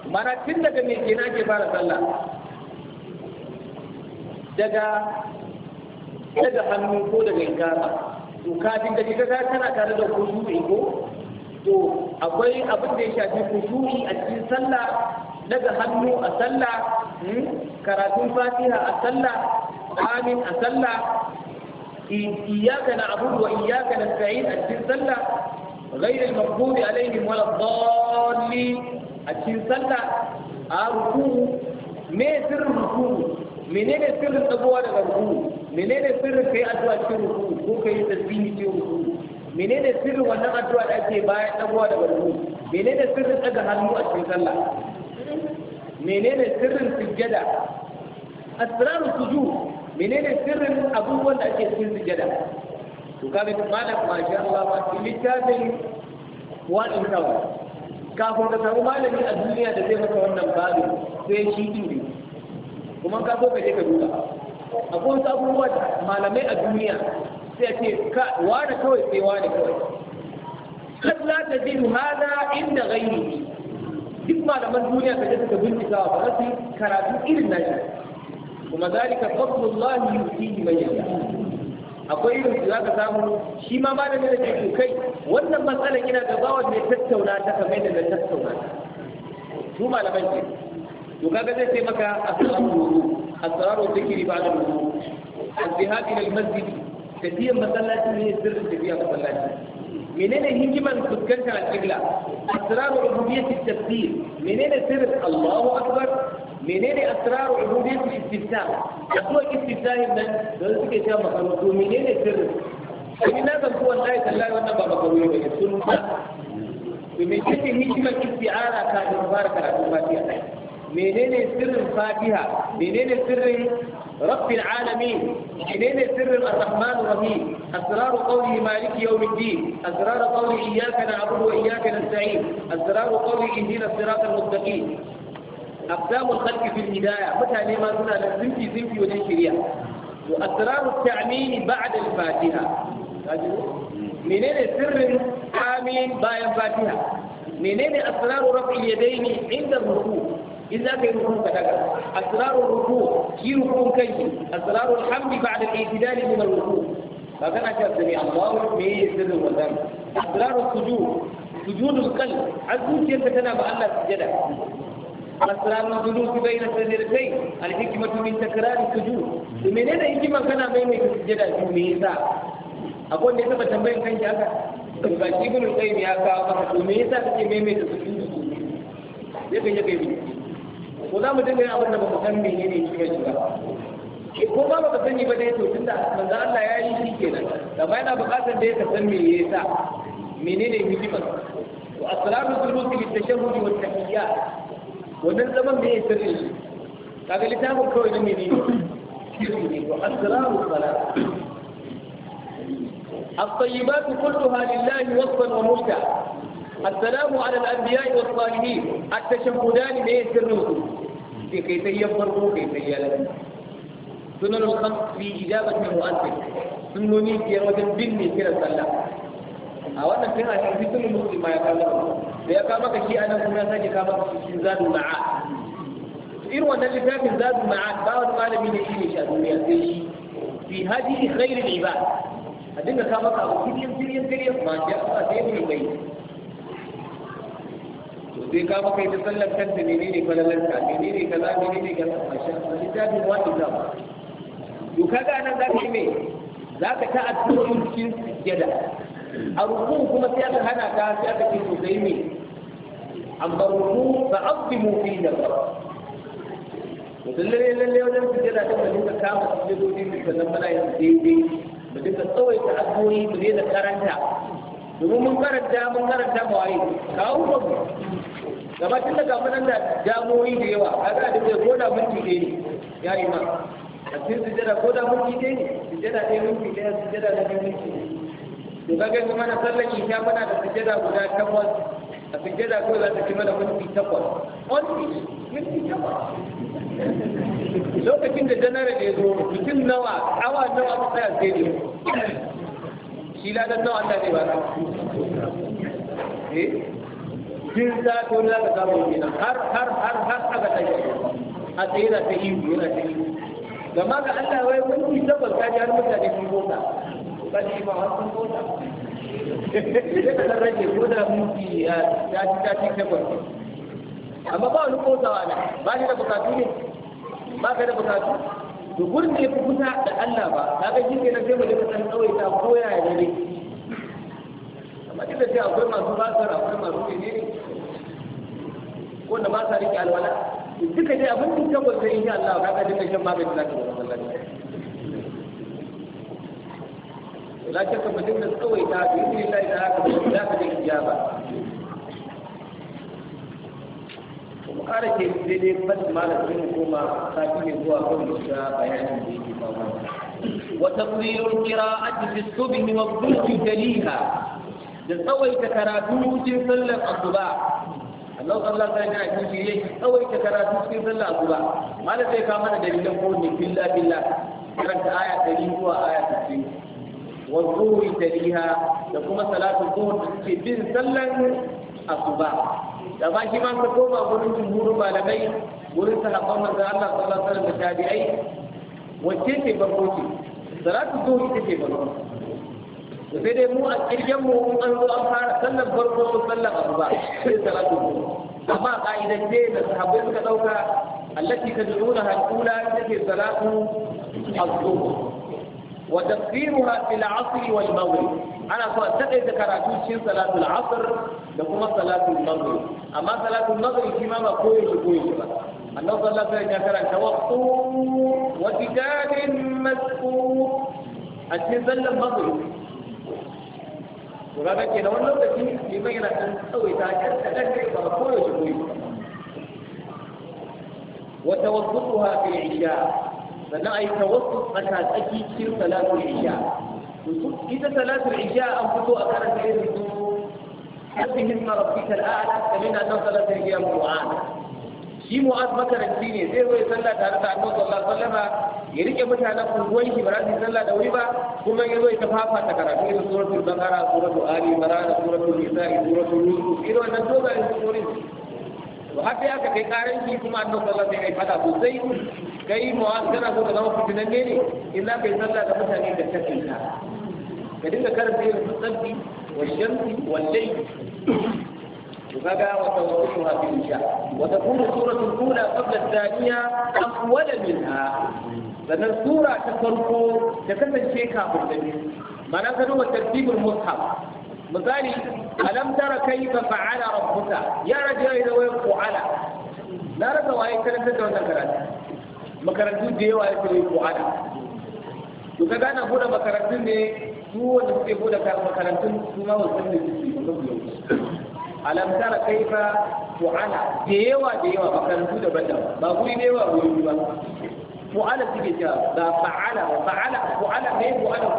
mana tun daga me kenan ake fara sallah daga daga hannu ko daga ikama to kafin da kika ga kana tare da kusuri ko to akwai abin da ya shafi kusuri a cikin sallah daga hannu a sallah karatun fatiha a sallah amin a sallah إياك نعبد وإياك نستعين أجل سلة غير المغضوب عليهم ولا الضالين أجل سلة أركوه آه، ما سر من منين سر التبوة من منين سر في أدوى الركوع هو كي تسبيني في من منين سر وانا أدوى الأجي باية تبوة من منين سر الأجهل مو أجل سلة منين سر السجدة
أسرار السجود menene sirrin abubuwan da ake
cikin sujada to kaga malam masha Allah ma cikin littafin one in town kafin ka samu malami a duniya da zai maka wannan babu sai shi ne kuma ka so ka je ka duba akwai wasu abubuwa malamai a duniya sai ce ka wani kawai sai wani kawai kad la tajidu hada inda ghairihi duk malaman duniya ka je ka bincika ba za su karatu irin nashi kuma zalika fadlullahi yutihi man yasha akwai irin su zaka samu shi ma malamin da ke kai wannan matsalar ina da bawa mai tattauna ta kamar da na tattauna su malaman ke to kaga zai sai maka asraru wudu asraru zikri ba'da wudu al-dhihab ila al-masjid tafiyan masallaci ne sirrin tafiya masallaci menene hikiman fuskantar alƙibla asraru ubudiyyati tafsir menene sirrin Allahu akbar menene asraru ubudiyyati istiftah da kuma istiftahin nan da suke cewa makarantu menene sirrin sai na zan kuwa dai tallahi wannan ba makaruwa ba ne sunna to me yake hikiman isti'ara kafin fara karatu fatiha menene sirrin fatiha menene sirrin rabbil alamin menene sirrin ar-rahman rahim asrar qawli malik yawm al-din asrar qawli iyyaka na'budu wa iyyaka nasta'in asrar qawli ihdina as-siratal mustaqim أقدام الخلق في الهداية مثلا ما زلنا زنفي زنفي وجه شريعة وأسرار التعميم بعد الفاتحة منين سر حامين بايا فاتحة منين أسرار رفع اليدين عند الركوع idza kai rukun ka daga asrarul ruku shi rukun kai asrarul hamd ba'da al-i'tidal min al-ruku ba kana ka sani Allah me yake da wannan asrarul sujud sujudul qalb azuciyar ka tana ba Allah sujada asrarul julus baina sadrikai al-hikmatu min takrar sujud to menene hikima kana mai mai sujada ki me yasa akwai wanda ya taba tambayin kanki haka ba shi gudun ya kawo maka to me yasa kake maimaita su sujudu ya kai ya kai ko za mu dinga yin abin da ba mu san mene ne shi mai shiga ko ba ba ka sani ba dai to tunda manzo Allah ya yi shi kenan da ba yana buƙatar da ya san me yasa menene hikimar to as-salatu al-muslim at-tashahhud wa at wannan zaman me ya sirri kaga littafin kawai ne menene ne to as-salatu as-salat الطيبات كلها لله وصفا ومبتعا السلام على الأنبياء والصالحين التشهدان بإيس الرسل في كيفية فرقه كيفية لنا سنن الخمس في إجابة المؤذن سنوني في رجل بني كلا سلام أولا كنا في كل مسلم ما يقال له شيء أنا كنا ساجي قامك في زاد المعاد إن وانا لفاف زاد المعاد باوت قال من الشيء شيء في هذه خير العباد أدنى قامك أو كثير كثير كثير ما جاء سيد البيت to sai ka kai ta sallar kanta menene falalarta menene kaza ne kaza masha Allah littafin wani zama to kaga nan za ka yi me za ka ta addu'o'in cikin sujjada a rukun kuma sai aka hana ka sai aka ce to sai me amma rukun fa azimu fi da to lallai-lallai wajen sujjada ta mu duka kama sujjadodi mu sannan muna yin daidai mu duka tsawaita addu'o'i mu daina karanta domin mun karanta mun karanta ba kawo ba gabatin da gamunan da damoyi da yawa a za a dinga ko da minti ɗaya ne ya yi ma a cikin sujada ko da minti ɗaya ne sujada ɗaya minti ɗaya sujada da ɗaya minti to ka gani mana sallan isha mana da sujada guda takwas a sujada ko za ta ci mana minti takwas on minti takwas lokacin da janara da ya zo mutum nawa awa nawa ta tsaya sai ne shi ladan nawa Allah ne ba eh jin zafi wani za ka samu kenan har har har har aka tashi a tsaye na ta ihu yana ta ihu gama ga Allah wai kun ci tabbas ka ji har mutane sun bota ba ne ma har sun bota Ne ka san rage ko da muti ya ci ta ci tabbas amma ba wani kosawa na ba shi da bukatu ne ba ka da bukatu to gurin da ya fi kusa da Allah ba ka ga shi kenan sai mu je ka san kawai ta koya ya ne amma duk da sai akwai masu basar akwai masu menene wanda ba sa rike alwala duka dai abin da tabbas sai insha Allah ka ga duka shan magani za ka yi sallah la mutum da kawai ta bi Allah da haka za ka ga ijaba Kuma kara ke daidai fadin malamin koma sati ne zuwa kan da bayanin da yake kawo وتقرير القراءة في الصبح والظهر جليها da tsawaita karatu cikin sallar asuba Allah sallallahu alaihi wasallam ya ce yayi tsawaita karatu cikin sallar asuba malam sai ka mana dalilan ko ne billa billa karanta aya 100 zuwa aya 60 wa zuwi taliha da kuma salatu zuhur da suke bin sallar asuba da ba shi ma ka koma gurin jumhurin malamai gurin sahabban manzo Allah sallallahu alaihi wasallam da tabi'ai wacce ce barkoci salatu zuhur ita ce barkoci da sai dai mu a kirgen mu an zo an fara sallar farko sallar asuba sai salatu amma ka'idan ce da sahabbai suka dauka allati tad'unaha al-ula take salatu az-zuhr wa tafsiruha fil 'asr wal maghrib ana so a take da karatu cikin salatul 'asr da kuma salatul maghrib amma salatul maghrib shi ma ba koyo shi koyo ba annabi sallallahu alaihi wasallam ya karanta waqtu wa kitabin maskur a cikin sallar maghrib ورانا كنا ونلو تكيني كيما ينا انتوي تاكد تكيني فرقوه جبوي وتوسطها في العشاء فلا اي توسط فكاد اكيد كير ثلاث العشاء إذا ثلاث العشاء أنفتوا أكارت إيه أبهن ربك الأعلى فمن أنه ثلاث العشاء مرعانا شي مؤاد مكرا جيني زيه ويسلى تارتا عمو صلى الله عليه وسلم ya rike mutanen unguwan shi ba za su yi sallah da wuri ba kuma ya zo ya tafafa ta karatu irin suratul bakara suratul ali imran suratul nisa suratul yusuf irin wannan dogayen surorin to har dai aka kai karan shi kuma annabi sallallahu alaihi wasallam ya fada sosai kai mu'az kana so ka zama fitinan ne in za ka yi sallah da mutane da kake ta ka dinga karanta irin sabbi wa shamsi wa layl وكذا وتوضحها في الإنشاء وتكون السورة الأولى قبل الثانية أطول منها sannan sura ta farko da kasance kafin da biyu Mana ka duba tartibul mushaf misali alam tara kayfa fa'ala rabbuka ya rajiya ila wa qala na rasa waye karanta da wannan karatu makarantu da yawa yake yi qala to ka gana bude makarantun ne su wanda suke bude makarantun su ma wasu ne suke ba su alam tara kayfa fa'ala da yawa da yawa makarantu daban-daban ba guri ne ba guri ba fu'ala suke cewa ba fa'ala ba fa'ala fu'ala ne fu'ala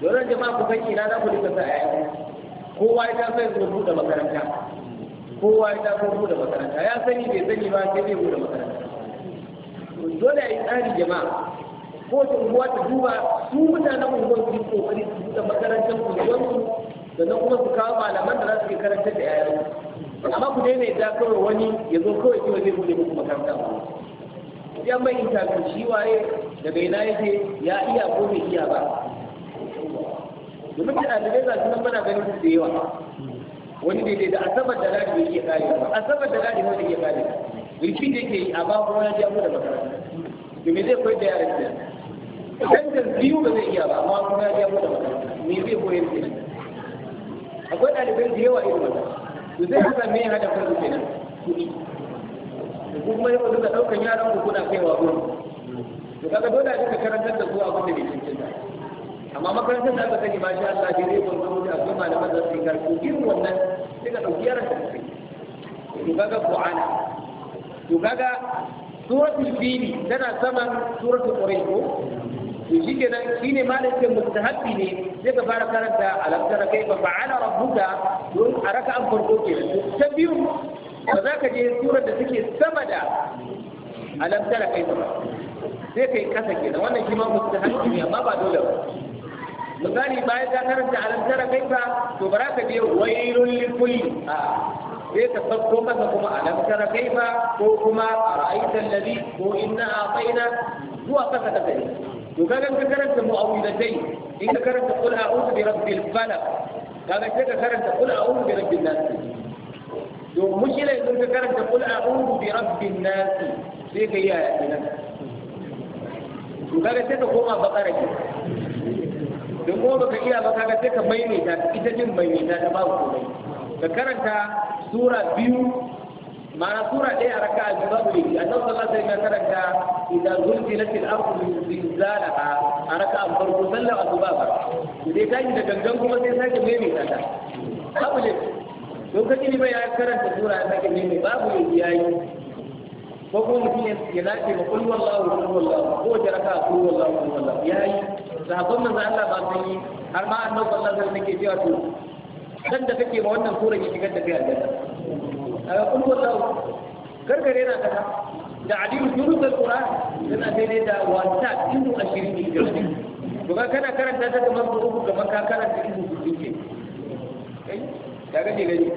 dole jama'a ku san ina za ku rika sa ayyan kowa ya san zai da makaranta kowa ya san da makaranta ya sani bai sani ba sai zai da makaranta dole a yi tsari jama'a ko ta unguwa ta duba su mutanen unguwar su yi kokari su buɗe makarantar don su sannan kuma su kawo malaman da za su yi karantar da yayan amma ku daina yadda kawai wani ya zo kawai kiwa zai buɗe muku makaranta ya mai interview shi waye daga ina yake ya iya ko bai iya ba domin da ɗalibai za su nan bana ganin su da yawa wani daidai da asabar da ladi bai iya kare ba asabar da ladi bai iya kare ba rikin da yake a ya ji abu da makaranta domin zai koyar da yaran da tantan biyu ba zai iya ba amma kuma ya ji abu da me zai koyar ke akwai dalibai da yawa irin wannan to zai haka me hada farko kenan kuɗi ku kuma yau duka daukan yaran ku kuna kaiwa gurin to kaga dole a duka karantar da su abin da bai cancanta amma makarantar da aka sani ba shi Allah dai zai gwargwaro da akwai malaman da su yi karfi irin wannan sai ka dauki yaran ka kai to kaga qur'ana to kaga suratul fili tana saman suratul quraish ko to shi kenan shi ne malam ce mustahabbi ne sai ka fara karanta alam tara kai? fa'ala rabbuka don a raka'an farko kenan to ta biyu ba za ka je surar da suke sama da alam tara kai ba sai kai kasa kenan wannan shi ma mustahabi ne amma ba dole ba misali bayan ka karanta alam tara kai ba to ba za ka je wailul likulli a sai ka farko kasa kuma alam tara kai ba ko kuma ra'aita alladhi ko inna a'taina zuwa kasa kasa ne to kaga ka karanta mu'awidatai in ka karanta qul a'udhu bi rabbil falaq kaga sai ka karanta qul a'udhu bi rabbin nas to mushkila idan ka karanta kul a'udhu bi rabbin nas sai ka yi ayati nan to kaga sai ka koma bakara ke don ko baka iya ba kaga sai ka maimaita ita din maimaita ta babu komai ka karanta sura biyu ma'ana sura ɗaya a raka a jiba ne annabi sallallahu alaihi wasallam karanta idan zulzilat al-ardu min zilzalaha a raka an farko sallar azuba ba to dai tashi da gangan kuma sai sake maimaita ta abu ne lokacin bai ya karanta sura ya sake ne babu ya biya yi ko ko mutum ya zace ma kullu wallahu kullu wallahu ko da raka kullu wallahu kullu wallahu ya yi sahabban manzo Allah ba san yi har ma annabi sallallahu alaihi wasallam yake cewa to dan da kake ma wannan sura ya shigar da kai aljanna kaga kullu wallahu karkare na kaza da adilu durus alquran yana daidai da wata tinu ashirin ne to kana karanta ta kamar ko kamar ka karanta izu ke ya gaje gani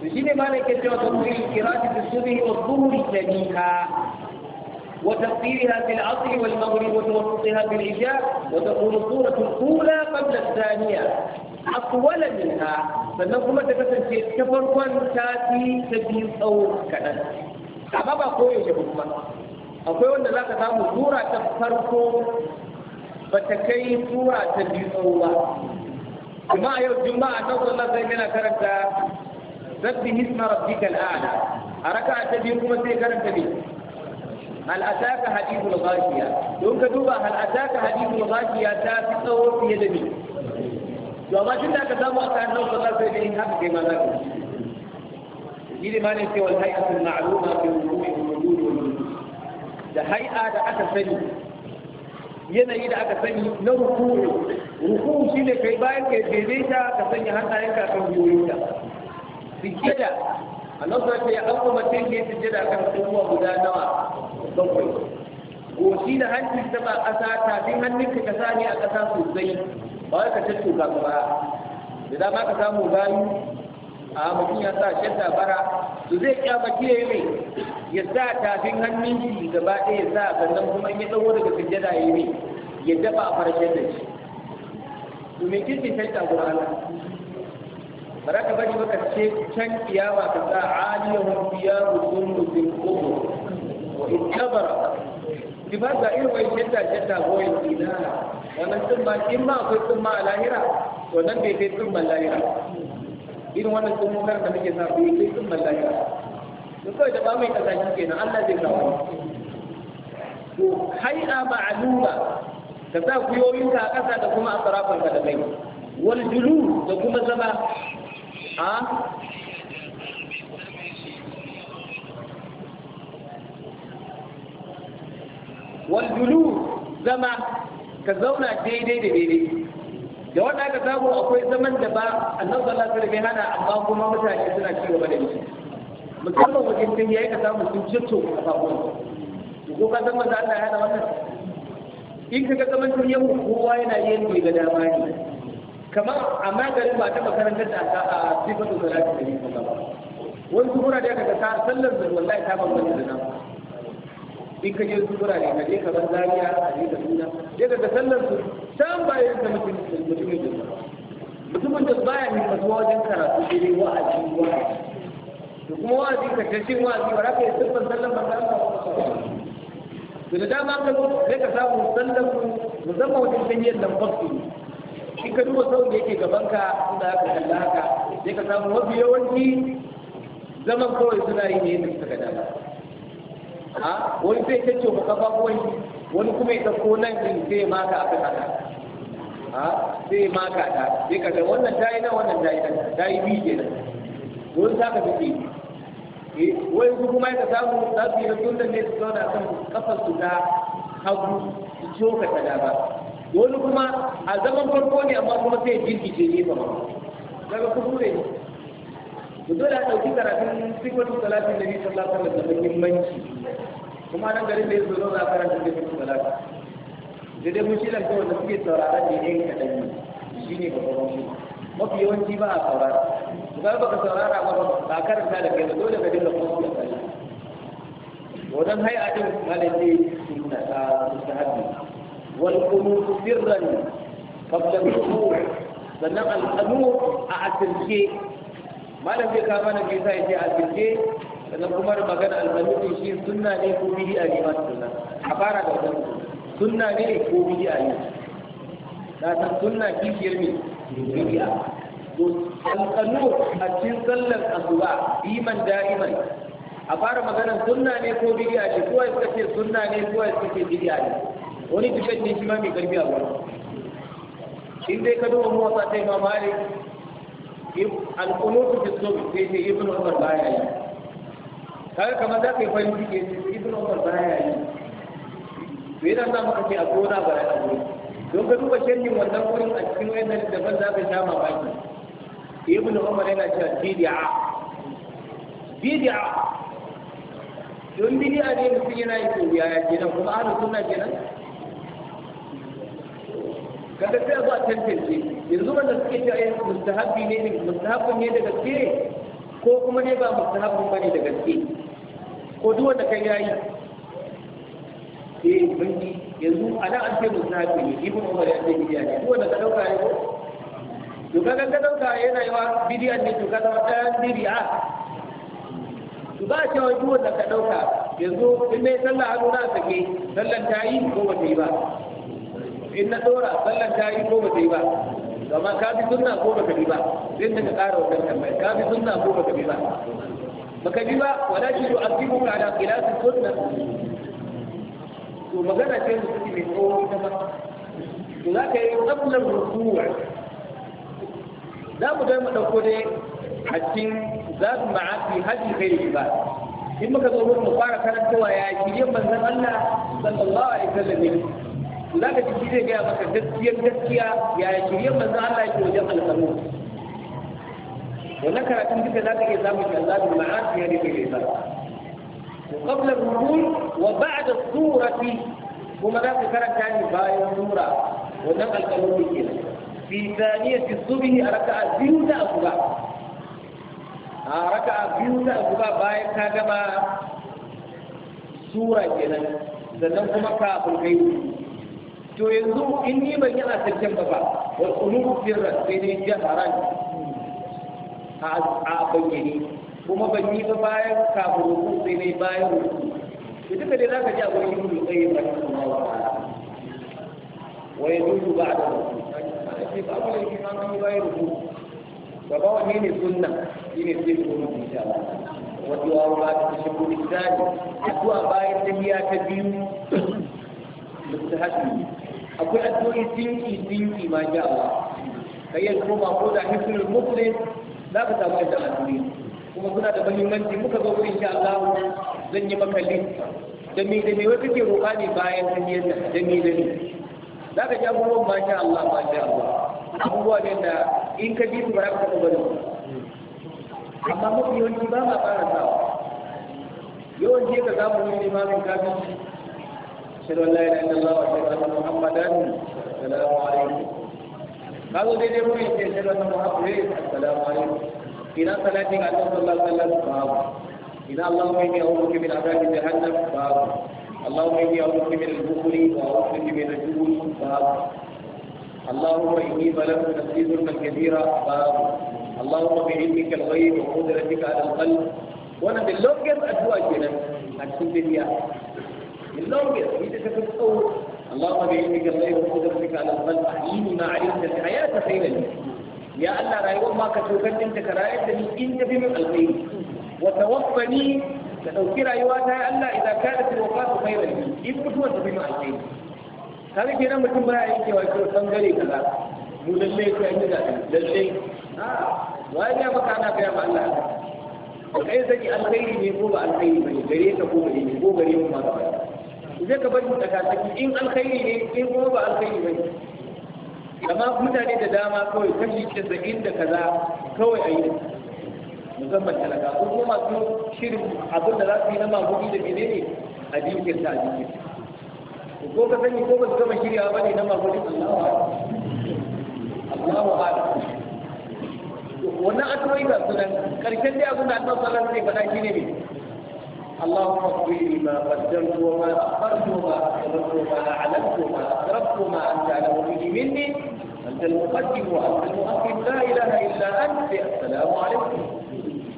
to shi ne malai ke cewa tafsir kirati fi subhi wa dhuhri jami'a wa tafsirha fil asr wal maghrib wa tawassuha fil isha wa takunu suratu al-ula qabla al-thaniya aqwala minha sannan kuma ta kasance ta farkon ta fi ta biyu tsawo kaɗan amma ba koyaushe ba kuma akwai wanda za ka samu tura ta farko ba ta kai tura ta biyu tsawo ba kuma a yau juma'a ta sallar sai yana karanta rabbi hisma rabbika al'ala a raka ta biyu kuma sai karanta ne hal ataka hadithul ghashiya don ka duba hal ataka hadithul ghashiya ta fi tsawo fiye da ni to amma tun da aka samu aka annabi sallallahu alaihi wasallam haka kai ma za ka yi ne ma ne cewa hay'atul ma'luma fi wudu'i wal wudu'i da hay'a da aka sani yanayi da aka sani na ruku'u shi ne kai bayan kai ta ka sanya hannayenka kan gwiwoyinka sujjada annabi sallallahu alaihi wasallam ya umarce ke sujjada kan kowa guda nawa bakwai goshi da hanci ta ba ƙasa tafin hannunka ka sani a ƙasa sosai ba wai ka tattuka ka ba da dama ka samu bayu a mutum ya sa shadda bara to zai kyamaki ya yi mai ya sa tafin hannun shi gaba ɗaya ya sa sannan kuma ya ɗauko daga sujjada ya yi ya dafa a farashin da shi to me kin sai ta gurin Allah ka bari ka ce can kiyama ka sa aliyahum kogo. sundusing khudr wa ittabara libaza irin wai shadda shadda goyin ina wannan ba in ma akwai tsumma a lahira to nan bai kai ma lahira irin wannan tsummogar da muke sa bai kai ma lahira duk kawai da ba mai kasa shi kenan Allah zai kawo to hay'a ma'luma ka sa guyoyinka a ƙasa da kuma asarafanka da kai wal julu da kuma zama a wal julu zama ka zauna daidai da daidai da wanda aka samu akwai zaman da ba annabi sallallahu alaihi wasallam hana amma kuma mutane suna ci gaba da shi musamman wajen kan yayi ka samu sun jito a sabon ko ka san manzo Allah ya hada wannan in ka ga kaman yau kowa yana yin bai ga dama ne kamar a magarin ba ta makarantar da aka a sifatu salati da yin ba wani zubura da ka ta sallar da wallahi ta bambanta da namu in ka je zubura ne ka je ka bar zariya a ne da suna je ka ga sallar su san bayan da mutum mutumin da mutumin da baya himmatuwa wajen karatu sai dai wa'azi wa'azi to kuma wa'azi ka tashin wa'azi ba za ka yi sirrin sallan manzo ba. to da dama ka zo sai ka samu sallan musamman wajen sanyiyar lambarsu in ka duba sau da yake gaban ka suna aka kalla haka sai ka samu mafi yawanci zaman kawai suna yi ne yadda suka ga dama a wani sai ta ce ba kafafuwan wani kuma ya ɗauko nan ɗin sai ma a kan haka a sai maka ta sai ka ga wannan ta yi nan wannan ta yi nan ta yi biyu kenan wani za ka fi Eh, wai su kuma ka samu za su yi da kullum ne su zauna kan kafar su ta hagu su ciwo ta dama. wani kuma a zaman farko ne amma kuma sai jirgice ne ba daga kuskure ne ku dole a ɗauki karatun sifatun salatin da nisan lafiyar da muhimmanci kuma nan garin da ya zo za a karanta sifatun salatin da dai mun shirin kawai da suke saurara da yan kaɗan ne shi ne babban shi mafi yawanci ba a saurara ba baka saurara ba ba karanta da kai dole ka dinga kuma da kai wadan hay'a din malaji sunna ta mustahabi wal qunut sirran qabla al-ruku' sannan al-qunut a asirce malam zai ka mana me sai ce asirce sannan kuma magana al-qunut shi sunna ne ko bid'a ne ba sunna a fara da wannan sunna ne ko a ne da san sunna kishiyar ne bid'a alƙanu a cikin sallar asuba iman da'iman a fara maganar sunna ne ko bidiya ne kowa suka ce sunna ne ko suka ce bidiya ne wani jikin ne shi ma mai karfi a wani in dai ka duba motsa sai ma malik alƙunutu fi sobi sai ce ibn umar baya yi kaga kamar za ka yi farin ciki ibn umar baya yi to yana za maka ce a gona ba a gona don ka duba shirin wannan wurin a cikin da daban za ka sha mamaki ibn umar yana cewa bid'a bid'a don bid'a ne mutum yana yi to yaya kenan kuma ahlus sunna kenan Kada sai a a tantance yanzu wanda suke cewa eh mustahabbi ne ne, mustahabbin ne da gaske ko kuma ne ba mustahabbin bane da gaske ko duk wanda kai yayi eh bangi yanzu ana an ce mustahabbi ne ibn umar ya ce bid'a ne duk wanda ka dauka ne ko to kaga ka dauka yana yawa bidiyan ne to ka zama ɗayan bidiya to ba cewa duk wanda ka dauka yanzu in dai sallah hannu na sake sallan ta yi ko ba ta yi ba in na dora sallan ta yi ko ba ta yi ba amma ka bi sunna ko ba ka bi ba zai daga ƙara wajen kanka mai ka bi sunna ko ba ka bi ba baka bi ba wala shi yu azibu ala khilaf sunna to magana ce mutum mai tsawo ta ba to za ka yi qablan ruku'a za mu dai mu ɗauko dai a cikin zaɓin ma'afi hajji kai da ba in muka zo mu fara karantawa ya shirye manzon Allah sallallahu alaihi wasallam za ka ji zai gaya maka gaskiyar gaskiya ya shirye manzon Allah yake wajen alƙalu wannan karatun duka za ka iya samun shi Allah bin ma'afi hajji kai da ba قبل النزول وبعد الصورة وما ذاك كانت يعني باين صورة ونقل قلوبي كده fi zaniyati subhi a raka'a biyu da abuba a raka'a biyu da abuba bayan ka gama sura kenan sannan kuma ka bulgai to yanzu in ni ban yi asirken ba ba wal qulub sirra sai dai jaharan a bayyane kuma ban yi ba bayan kafin ruku sai dai bayan ruku to duka dai ka ji a gurin ibnu qayyim rahimahullahu ta'ala wa ya ba yadudu ba'da ruku shi ba ba shi an yi bai rubu gaba wanne ne sunna shine sai ku mu insha Allah wa du'a wa tashakku lisani addu'a bayan tahiya ta biyu mustahabi akwai addu'o'i tinki tinki ma sha Allah kai yanzu kuma ko da hifnul za ka samu da addu'o'i kuma suna da muhimmanci muka zo ku insha Allah zan yi maka list da me da me wata ke roƙa ne bayan yi da me da me ka ji abubuwan ma sha Allah ma sha Allah abubuwa ne da in ka ji ba za ka taɓa amma mafi yawanci ba ma fara yawan je ka zamu yi limamin kafin shi da wallahi da inda Allah wa da salamu alaikum dai dai mun ce shi da salamu alaikum ina Allah sallallahu alaihi wasallam ina babu al wa al babu اللهم إني بلغت نفسي ظلما كثيرا باب اللهم بعلمك الغيب وقدرتك على القلب وانا باللوجر ادواء كده هتكون دنيا باللونجر إذا تكون اللهم بعلمك الغيب وقدرتك على القلب احييني ما علمت الحياه خيرا لي يا الله رايوه ما كتوكلت انت كرايت انت بما القيم وتوفني تذكر يا الله اذا كانت الوفاه خيرا لي ان بما القيم ke nan mutum baya ko san gare ka kaza mu lallai ko an yi lalle. lallai wai ya maka ana kai ba Allah ko kai zaki alkhairi ne ko ba alkhairi ba gare ka ko gare ne ko gare mu ma ba zai ka bari ta tsaki in alkhairi ne in ko ba alkhairi ba amma mutane da dama kawai kashi casa'in da kaza kawai ayi. musamman talaka ko kuma masu shirin abin da za su yi na magudu da menene a jikin ta a jikin ko ka sani ko ba su gama shirya ba ne na magudin Allahu Akbar wannan addu'o'i ga sunan karshen dai abin da Allah sallallahu alaihi wasallam zai faɗa shine اللهم اغفر لي ما قدمت وما اخرت وما اسررت وما اعلنت وما اسرفت وما انت اعلم به مني انت المقدم وانت المؤخر لا اله الا انت السلام عليكم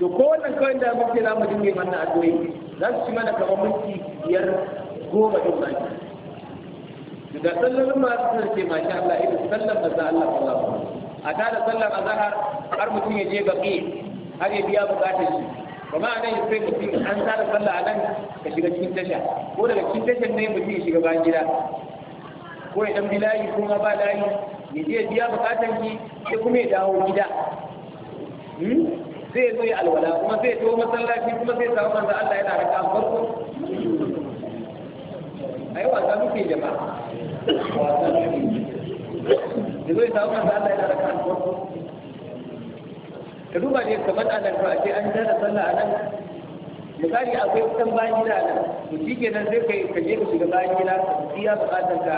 to ko wannan kawai da muke za mu dinga mana addu'o'i za su ci mana kamar minti biyar goma din baki da sallar ma sun ce masha Allah irin sallar za Allah Allah ba A ta da sallar zahar har mutum ya je baki har ya biya bukatar shi kuma a nan sai mutum an ta da sallah a nan ka shiga cikin tasha ko daga cikin tashar ne mutum ya shiga bayan gida ko ya ɗan bi layi ko ma ba layi ya je biya bukatar shi sai kuma ya dawo gida zai hmm? zo ya alwala kuma zai zo masallaci kuma zai samu manzo Allah yana raka farko ayi wasa muke jama'a da zai samu manzo Allah yana raka farko ka duba ne kamar a nan ce an jana sallah a nan misali akwai kusan bayan gida nan to shi kenan sai kai ka je ka shiga bayan gida ka biya bukatar ka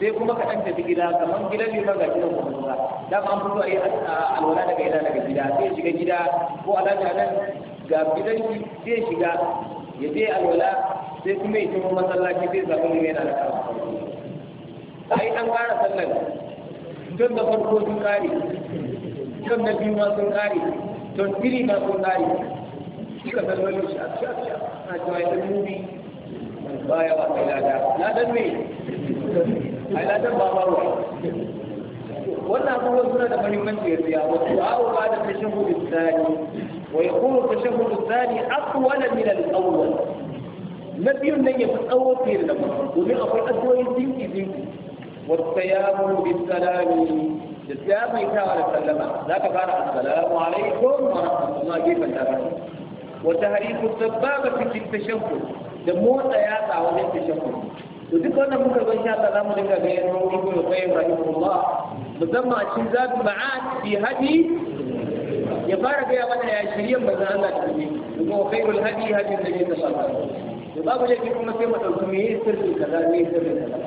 sai kuma ka ɗan tafi gida kamar gidan lima ga gidan kuma ba da ma an fito a yi alwala daga gida daga gida sai shiga gida ko alhaji a nan ga gidan shi sai shiga ya je alwala sai kuma ya ci masallaci sai zaɓi yana da kama ai an fara sallar don da farko sun kare don da biyu ma sun kare don tiri ma sun kare suka zama yau sha sha sha na cewa ya mubi baya ba kai lada ladan me ai ladan ba ba wa wannan abubuwan suna da muhimmanci ya siya wasu ba'u ba da tashahudu tsari wa ya kuma tashahudu tsari akwai min al-awwal na biyun nan ya fi tsawo fiye da farko domin akwai addu'o'in jinki jinki والسيام بالسلام السيام يتعالى السلام ذاك قال السلام عليكم ورحمة الله كيف انتبه وتهريك الدبابة في التشفر دمو سياسة وزي التشفر وذكرنا أن ممكن أن يشاء سلام لك بين روحك وغير رحمه الله مزمع الشنزاب معاك في هدي يفارق يا بني عشرية مزانا تبني وهو خير الهدي هدي النبي صلى الله عليه وسلم يبقى بجي في كل مسيرة الكمية سر الكلام سر الكلام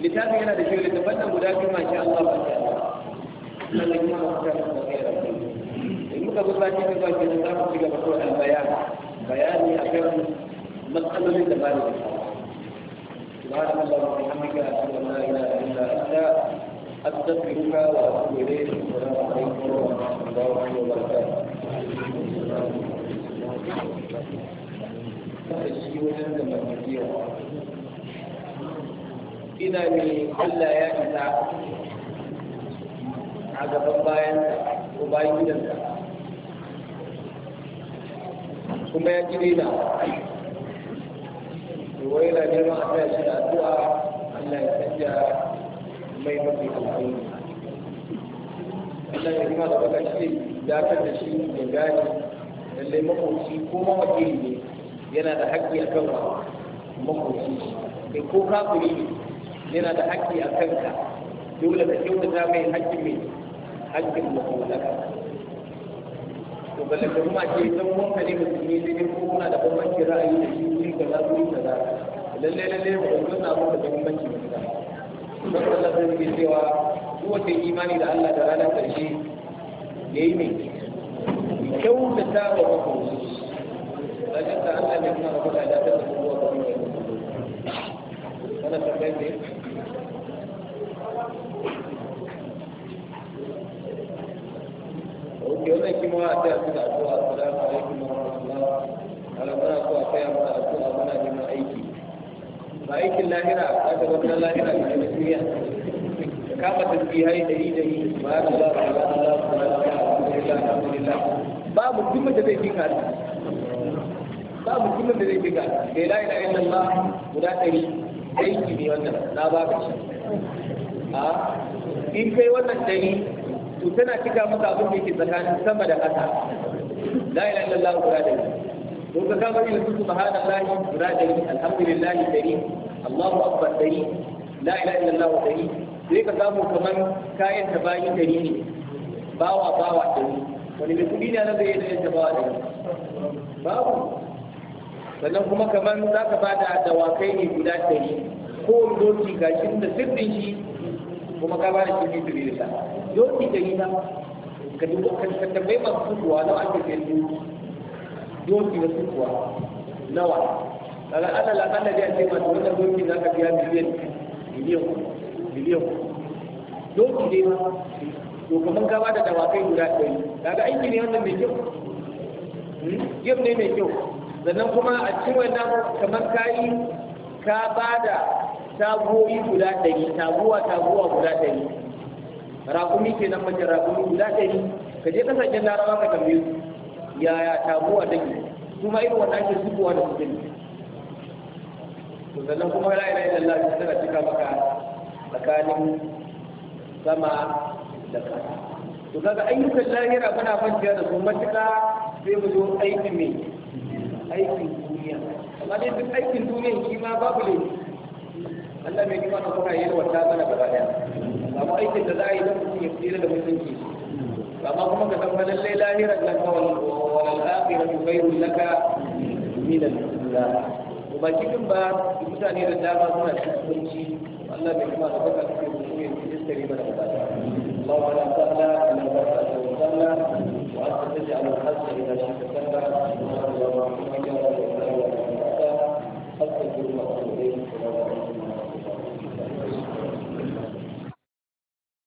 littafin yana da shirin da banda guda biyu mashi Allah ba ta sannan kuma masu ta da kai da kai in muka zo sati da zaki da za mu ci gaba ko al bayan bayani akan matsalolin da ba da shi سبحان الله وبحمدك أشهد أن لا إله إلا أنت أستغفرك وأتوب إليك والسلام عليكم ورحمة الله وبركاته. Thank you. ina ne Allah ya isa a gaban bayansa ko bayan gidansa kuma ya kiri na wai na neman a sa shi da addu'a Allah ya sanya mai mafi alƙairi Allah ya rima da baka shi dakar da shi ya gane lallai makoci ko mawakili ne yana da haƙƙi a kan makoci kai ko kafiri ne yana da haƙƙi a kanka dole ka kyautata mai haƙƙin mai haƙƙin mahaulaka to balle ka kuma ce dan wanka ne musulmi sai dai ko kuna da bambanci ra'ayi da shi shi kaza ko shi kaza lalle lalle ba ku na muku da bambanci ba dan Allah zai yi cewa duk wanda imani da Allah da ranar karshe yayi ne kyautata wa mahaulaka لكن تعلم ان ربك لا تدخل هو ضمير
انا فهمت
Kuma a taya su da addu'a assalamu alaikum wa rahmatullah ala muna so a taya mu da addu'a muna neman aiki ba aikin lahira ka ga wannan lahira ne na duniya ka ba ta fi hai da ida yi ba da Allah da ba da ba da alhamdulillah babu kuma da zai fi ka babu kuma da zai fi da la ilaha illallah guda ɗari aiki ne wannan na ba ka shi a ah, in kai wannan ɗari to tana cika maka abin da yake tsakanin sama da ƙasa la ilaha illallah guradai to ka kama ila su subhanallahi guradai alhamdulillah dari Allahu akbar dari la ilaha illallah dari sai ka samu kamar kayan ta bayi dari ne bawa bawa dari wani mai kuɗi na zai yi da bawa dari babu sannan kuma kamar za ka bada dawakai ne guda dari ko doki gashin da sirrin shi kuma ka bada shi ne da doki da yi na ka dubu ka ba su kuwa ke ake yau? doki na kuwa nawa daga ana la'ana da ake masu wannan doki za ka biya miliyan miliyan miliyan doki ne to kamar gaba da dawakai guda ɗari daga aiki ne wannan mai kyau yau hmm? ne mai kyau sannan kuma a cikin wannan kamar kayi ka ba da tagoyi guda ɗari taguwa taguwa guda ɗari raƙumi ke nan mace raƙumi guda ɗari ka je kasashen larabawa ka tambaye su yaya tabuwa take kuma irin wanda ake zubowa da mutum to sannan kuma ya yi illallah ta tana cika maka tsakanin sama da ƙasa to kaga ayyukan lahira muna kwanciya da su matuƙa sai mu zo aikin mai aikin duniya amma dai duk aikin duniya shi ma babu ne Allah mai kima da kuma wata mana gaba ɗaya. samu aikin da za a yi don mutum ya tsira da mutunci amma kuma ka san lallai lahirar laka wal akhiratu khairun laka min al-dunya ba cikin ba mutane da dama suna da kunci Allah bai kuma da baka cikin mutum ya tsira da mutunci اللهم لا سهل الا ما سالته وسهل وانت تجعل الحزن اذا شئت سهلا اللهم ارحمك وارحمك وارحمك فاستغفر الله اليه